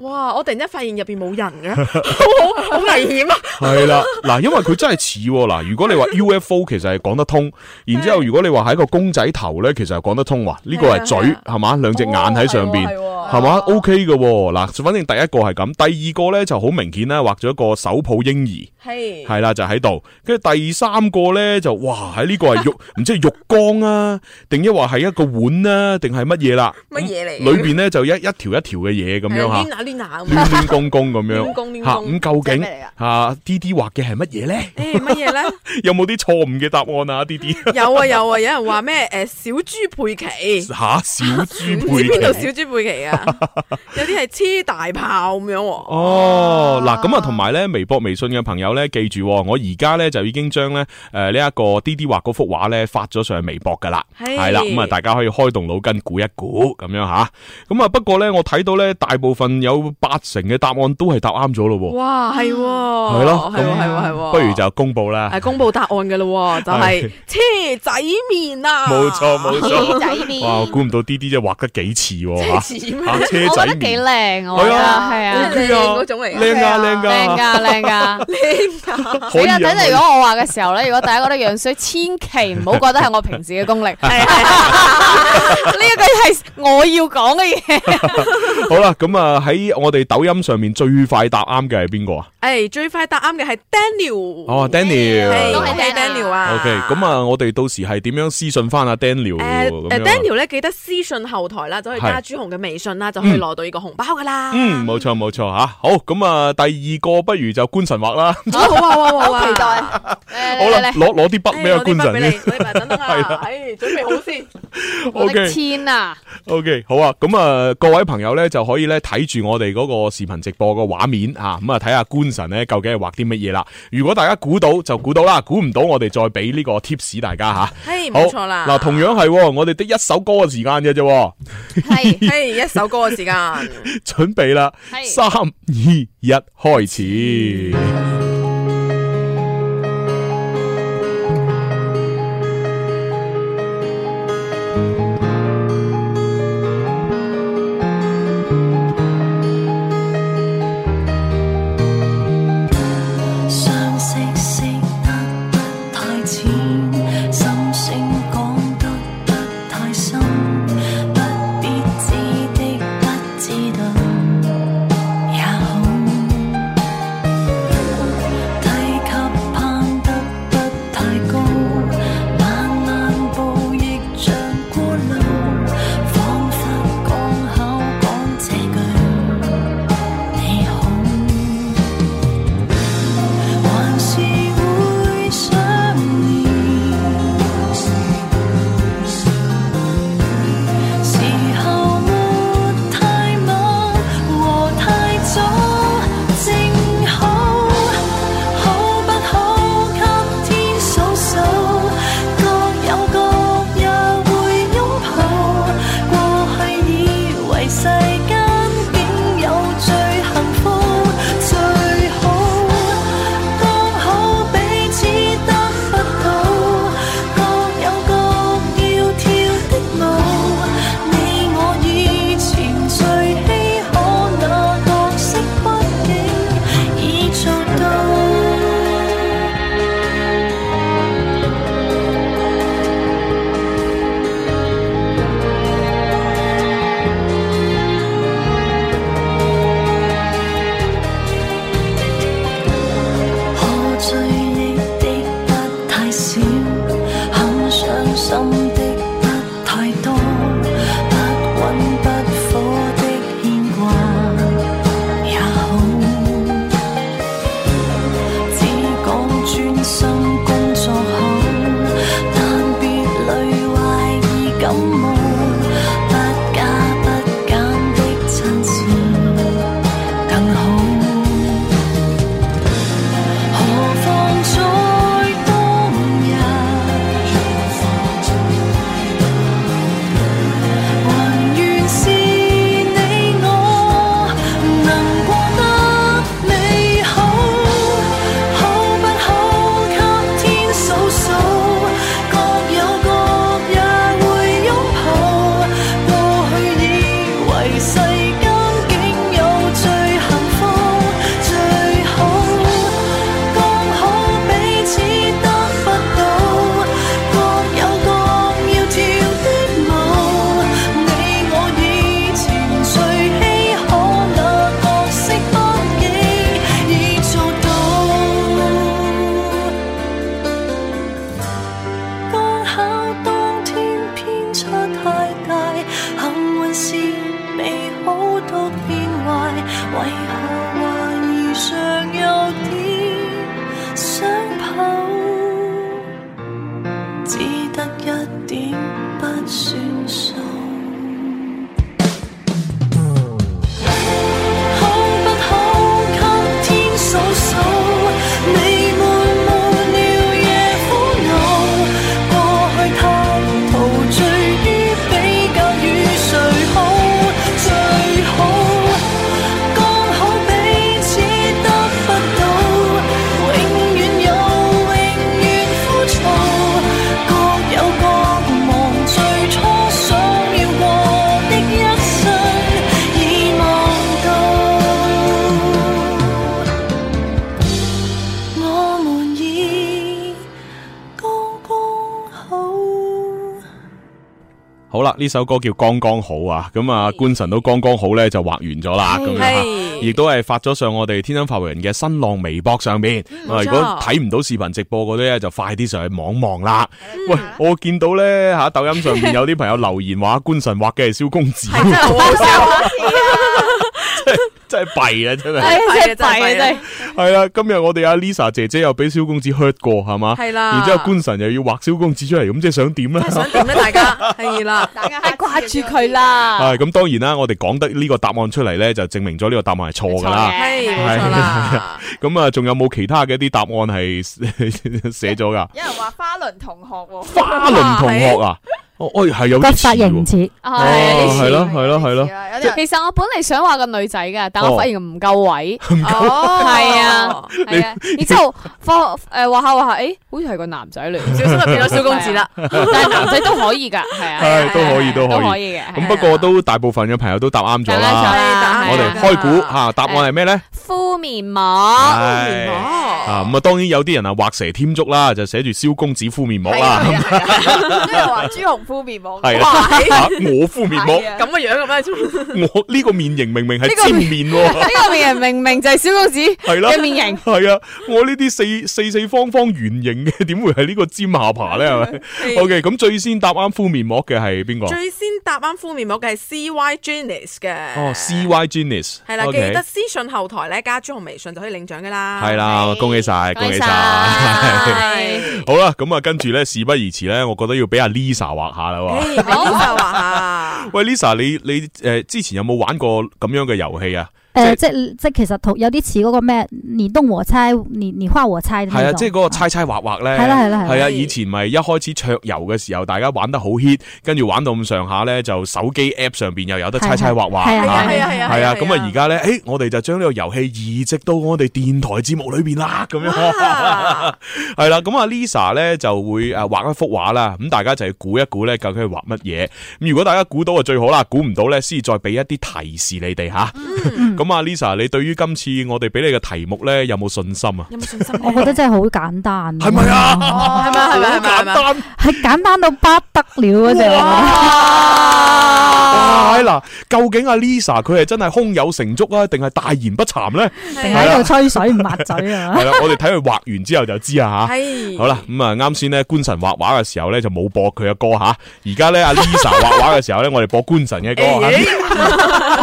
哇！我突然間發現入邊冇人嘅， 很好好好 危險啊！係啦，嗱，因為佢真係似嗱，如果你話 UFO 其實係講得通，然之後如果你話係一個公仔頭咧，其實係講得通話，呢、這個係嘴係嘛，兩隻眼喺上邊。哦係嘛？O K 嘅，嗱，反正第一個係咁，第二個咧就好明顯啦，畫咗一個手抱嬰兒，係係啦，就喺度。跟住第三個咧就哇，喺、這、呢個係浴，唔 知係浴缸啊，定一話係一個碗啊？定係乜嘢啦？乜嘢嚟？裏邊咧就一條一條一條嘅嘢咁樣吓，咁、啊，公公咁樣，公攣公吓。咁、嗯、究竟吓弟弟畫嘅係乜嘢咧？誒，乜嘢咧？弟弟呢欸、呢 有冇啲錯誤嘅答案啊？弟弟有啊有啊，有人話咩誒小豬佩奇吓、啊，小豬佩奇邊度 小豬佩奇啊？ 有啲係車大炮咁樣哦，嗱咁啊，同埋咧，微博微信嘅朋友咧，記住、哦、我而家咧就已經將咧誒呢一、呃這個 D D 畫嗰幅畫咧發咗上微博噶啦，係啦，咁啊大家可以開動腦筋估一估咁、哦、樣吓，咁啊不過咧我睇到咧大部分有八成嘅答案都係答啱咗咯，哇係係咯係係，不如就公布啦，係公布答案噶咯，就係、是、車仔麵啊，冇錯冇錯，哇估唔到 D D 即係畫得幾似、啊，喎。啊我覺得幾靚啊，係啊，靚嗰種嚟嘅，靚噶靚噶靚噶靚噶，你等陣如果我話嘅時候咧，如果大家 覺得樣衰，千祈唔好覺得係我平時嘅功力，係呢一個係我要講嘅嘢。 好啦，咁啊喺我哋抖音上面最快答啱嘅係邊個啊？誒，最快答啱嘅係 Daniel，哦，Daniel，、哎哎啊啊、恭喜 Daniel 啊！OK，咁啊，我哋到時係點樣私信翻阿 Daniel？誒，Daniel 咧記得私信後台啦，走去加朱紅嘅微信。就可以攞到呢個紅包噶啦、嗯。嗯，冇錯冇錯吓。好咁啊，第二個不如就官神畫啦、哦。好啊好啊好啊，好期待。好啦，攞攞啲筆俾阿官神先。哎、你，你，你等等啊的，哎，準備好先。O K，我嘅天啊。O K，好啊。咁啊，各位朋友咧就可以咧睇住我哋嗰個視頻直播個畫面啊。咁啊，睇下官神咧究竟係畫啲乜嘢啦。如果大家估到就估到啦，估唔到我哋再俾呢個貼士大家吓。嘿、哎，冇錯啦。嗱，同樣係我哋得一首歌嘅時間嘅啫。係係一首。嗰個時間， 準備啦！三二一，3, 2, 1，開始。呢首歌叫剛剛好啊，咁啊，官神都剛剛好咧，就畫完咗啦，咁樣，亦都係發咗上我哋天津發人嘅新浪微博上邊、嗯。如果睇唔到視頻直播嗰啲咧，就快啲上去望望啦、嗯。喂，我見到咧吓，抖音上邊有啲朋友留言話，官神畫嘅係蕭公子。 真係弊啊！真係，係啊，真係弊啊！真係。係啊 今日我哋阿 Lisa 姐姐又俾小公子 hurt 過，係嘛？係啦。然之後官神又要畫小公子出嚟，咁即係想點咧？想點咧？大家係啦， 大家掛住佢啦。係、哎、咁，當然啦，我哋講得呢個答案出嚟咧，就證明咗呢個答案係錯噶啦。錯。係。咁啊，仲有冇其他嘅一啲答案係寫咗噶？有人話花輪同學喎。花輪同學啊？ 哦，哦，係有啲事。髮型唔似，係啊，係啦，係啦，係啦。有啲，其實我本嚟想話個女仔噶，但我發現唔夠位。哦，係啊，係啊。然之後放誒，話下話下，誒，好似係個男仔嚟，小心啊，你攞小公子啦。但係男仔都可以噶，係啊，都可以，都可以，都可以嘅。咁不過都大部分嘅朋友都答啱咗啦。我哋開估吓，答案係咩咧？面膜，敷、哎、面膜啊，咁啊，當然有啲人啊畫蛇添足啦，就寫住蕭公子敷面膜啦，即係話朱紅敷面膜，係、啊、我敷面膜咁嘅樣嘅咩？ 我呢、這個面型明明係尖面，呢 個面型明明就係蕭公子嘅面型，係啊，我呢啲四四四方方圓形嘅，點會係呢個尖下巴咧？係咪？OK 咁最先答啱敷面膜嘅係邊個？最先答啱敷面膜嘅係 C Y Genius 嘅，哦，C Y Genius 係啦、okay，記得私信後台咧加。用微信就可以領獎噶啦，係啦、okay,，恭喜晒，恭喜晒、哎，好啦，咁啊，跟住咧，事不宜遲咧，我覺得要俾阿 Lisa 畫下啦，誒、哎，俾我畫下，哦、 喂，Lisa，你你誒，之前有冇玩過咁樣嘅遊戲啊？誒、就是呃，即即其實有啲似嗰個咩你動我猜你你畫我猜係啊，即、就、嗰、是、個猜猜畫畫咧係啦係啦係啊！以前咪一開始桌遊嘅時候，大家玩得好 hit 跟住玩到咁上下咧，就手機 app 上邊又有得猜猜畫畫啊，係啊！咁啊，而家咧，誒、欸，我哋就將呢個遊戲移植到我哋電台節目裡邊啦，咁樣係啦。咁啊，Lisa 咧就會誒畫一幅畫啦，咁大家就要估一估咧究竟係畫乜嘢？咁如果大家估到啊最好啦，估唔到咧先再俾一啲提示你哋吓，嗯呵呵咁啊，Lisa，你對於今次我哋俾你嘅題目咧，有冇信心啊？有冇信心？我覺得真係好簡單，係咪啊？係咪？係咪？好簡單，係簡單到不得了嗰隻。 啊啦究竟阿 Lisa 佢係真係胸有成竹啊，定係大言不慚咧？定喺度吹水抹嘴啊？係啦， 啦，我哋睇佢畫完之後就知啊吓。係，好啦，咁、嗯、啊，啱先咧，官神畫畫嘅時候咧就冇播佢嘅歌吓，而家咧阿 Lisa 畫畫嘅時候咧，我哋播官神嘅歌 可以。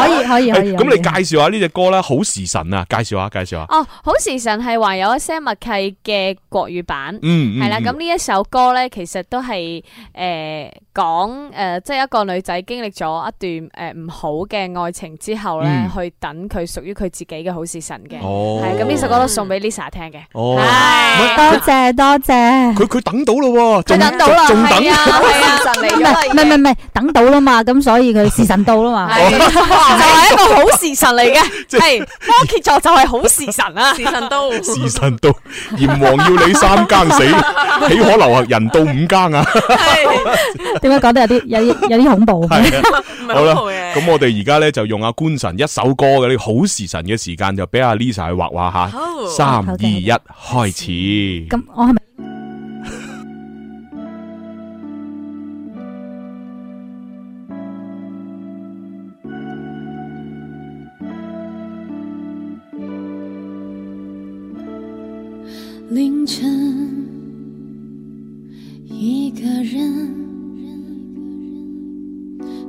可以可以可以。咁、欸、你介紹下呢隻歌呢？《好時辰》啊，介紹下介紹下。哦，《好時辰》係話有一些默契嘅國語版，嗯，係、嗯、啦。咁呢一首歌咧，其實都係誒講誒，即係一個女仔經歷咗。一段誒唔好嘅愛情之後咧，去等佢屬於佢自己嘅好時辰嘅。係咁呢首歌都送俾 Lisa 聽嘅，係，多謝多謝。佢佢等到咯，仲等到啦，仲等啊，時辰嚟咗啦，唔係唔係唔係等到啦嘛，咁所以佢時辰到啦嘛，就係一個好時辰嚟嘅。係，摩羯座就係好時辰啊，時辰到，時辰到，閻王要你三更死，豈可留人到五更啊？點解講得有啲有啲有啲恐怖？好啦，咁我哋而家咧就用阿官神一首歌嘅，呢好時辰嘅時間，就俾阿 Lisa 去畫畫吓，三二一開始。咁我係咪 凌晨一個人？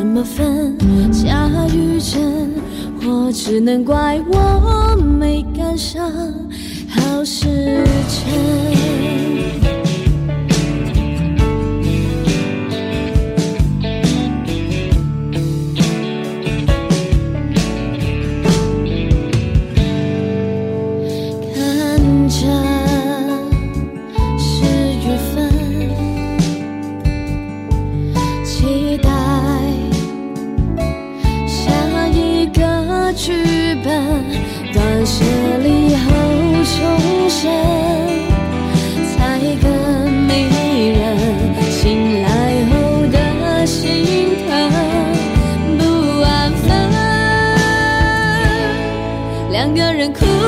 怎麼分假與真？我只能怪我沒趕上好時辰。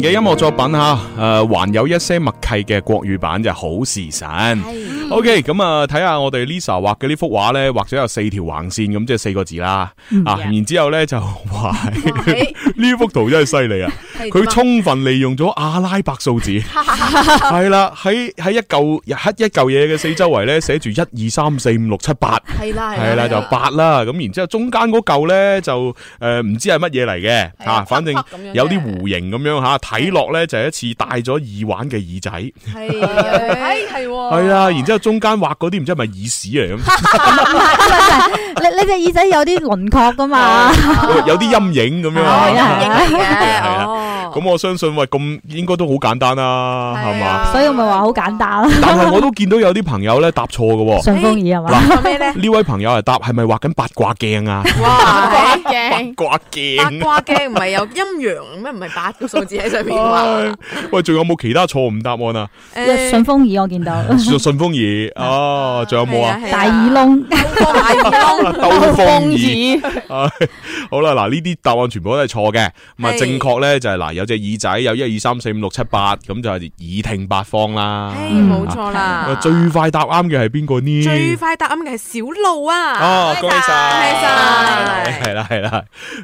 嘅音樂作品嚇。誒、呃，還有一些默契嘅國語版就好時神。OK，咁啊，睇、呃、下我哋 Lisa 畫嘅呢幅畫咧，畫咗有四條橫線，咁即係四個字啦、嗯。啊，然之後咧就哇，呢 哇 幅圖真係犀利啊！佢充分利用咗阿拉伯數字，係 啦，喺喺一嚿黑一嚿嘢嘅四周圍咧寫住一二三四五六七八，係啦係啦，就八啦。咁然之後中間嗰嚿咧就誒，唔、呃、知係乜嘢嚟嘅吓，反正有啲弧形咁樣吓，睇落咧就係一次大。戴咗耳環嘅耳仔，係係係啊！然之後中間畫嗰啲唔知係咪耳屎嚟咁， 唔係唔係，你你隻耳仔有啲輪廓噶嘛，有啲陰影咁樣啊，係啊。 咁、哦、我相信喂，咁應該都好簡單啦，係嘛、啊？所以我咪話好簡單咯。 但係我都見到有啲朋友咧答錯嘅。順風耳係嘛？嗱、欸，咩咧？呢位朋友係答係咪畫緊八卦鏡啊？八卦鏡，八卦鏡，八卦鏡唔係有陰陽咩？唔 係八個數字喺上邊、哦。喂，仲有冇其他錯誤答案啊？誒、欸，順風耳我見到。順風耳 啊，仲有冇啊，啊，啊？大耳窿，大耳窿，兜 風耳。風 好啦，嗱呢啲答案全部都係錯嘅，唔係正確咧就係、是、嗱。有隻耳仔，有一二三四五六七八，咁就係耳聽八方啦。係，冇錯啦。最快答啱嘅係邊個呢？最快答啱嘅係小路啊！哦、啊，恭喜晒，恭喜晒，係啦係啦。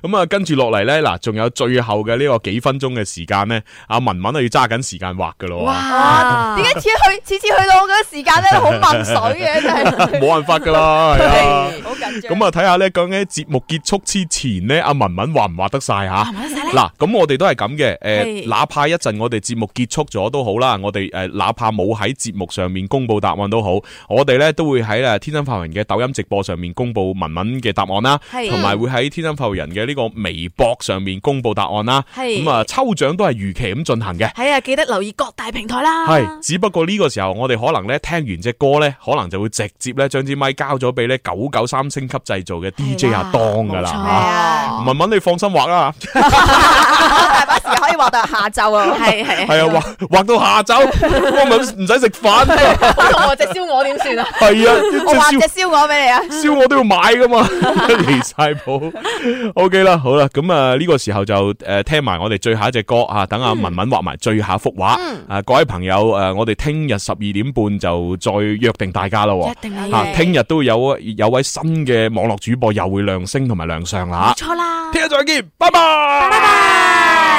咁啊、嗯，跟住落嚟咧，嗱，仲有最後嘅呢個幾分鐘嘅時間咧，阿文文都要揸緊時間畫噶咯。哇！點解次去次 次去到我覺得時間咧好墨水嘅，真係冇辦法噶啦，好緊張咁啊，睇下咧，咁咧節目結束之前咧，阿文文畫唔畫得晒吓！得晒嗱，咁我哋都係咁。嘅、呃、誒，哪怕一陣我哋節目結束咗都好啦，我哋誒，哪怕冇喺節目上面公布答案都好，我哋咧都會喺啦天生發人嘅抖音直播上面公布文文嘅答案啦、啊，同埋、啊、會喺天生發人嘅呢個微博上面公布答案啦、啊，咁啊抽獎、嗯、都係如期咁進行嘅，係啊記得留意各大平台啦，係只不過呢個時候我哋可能咧聽完隻歌咧，可能就會直接咧將支咪交咗俾咧九九三星級製造嘅 DJ、啊、阿當噶啦，文文你放心畫啦。 可以畫到下晝啊！係係係啊，畫畫到下晝， 我咪唔使食飯。隻燒鵝點算啊？係 啊， 畫隻燒鵝俾你啊！燒鵝都要買噶嘛，離晒譜。OK 啦，好啦，咁啊呢個時候就誒聽埋我哋最後一隻歌吓，等阿文文畫埋最後一幅畫、嗯。啊，各位朋友誒，我哋聽日十二點半就再約定大家咯。一定啊！聽日都有有位新嘅網絡主播又會亮聲同埋亮相錯啦。錯啦！聽日再見，拜拜。拜拜。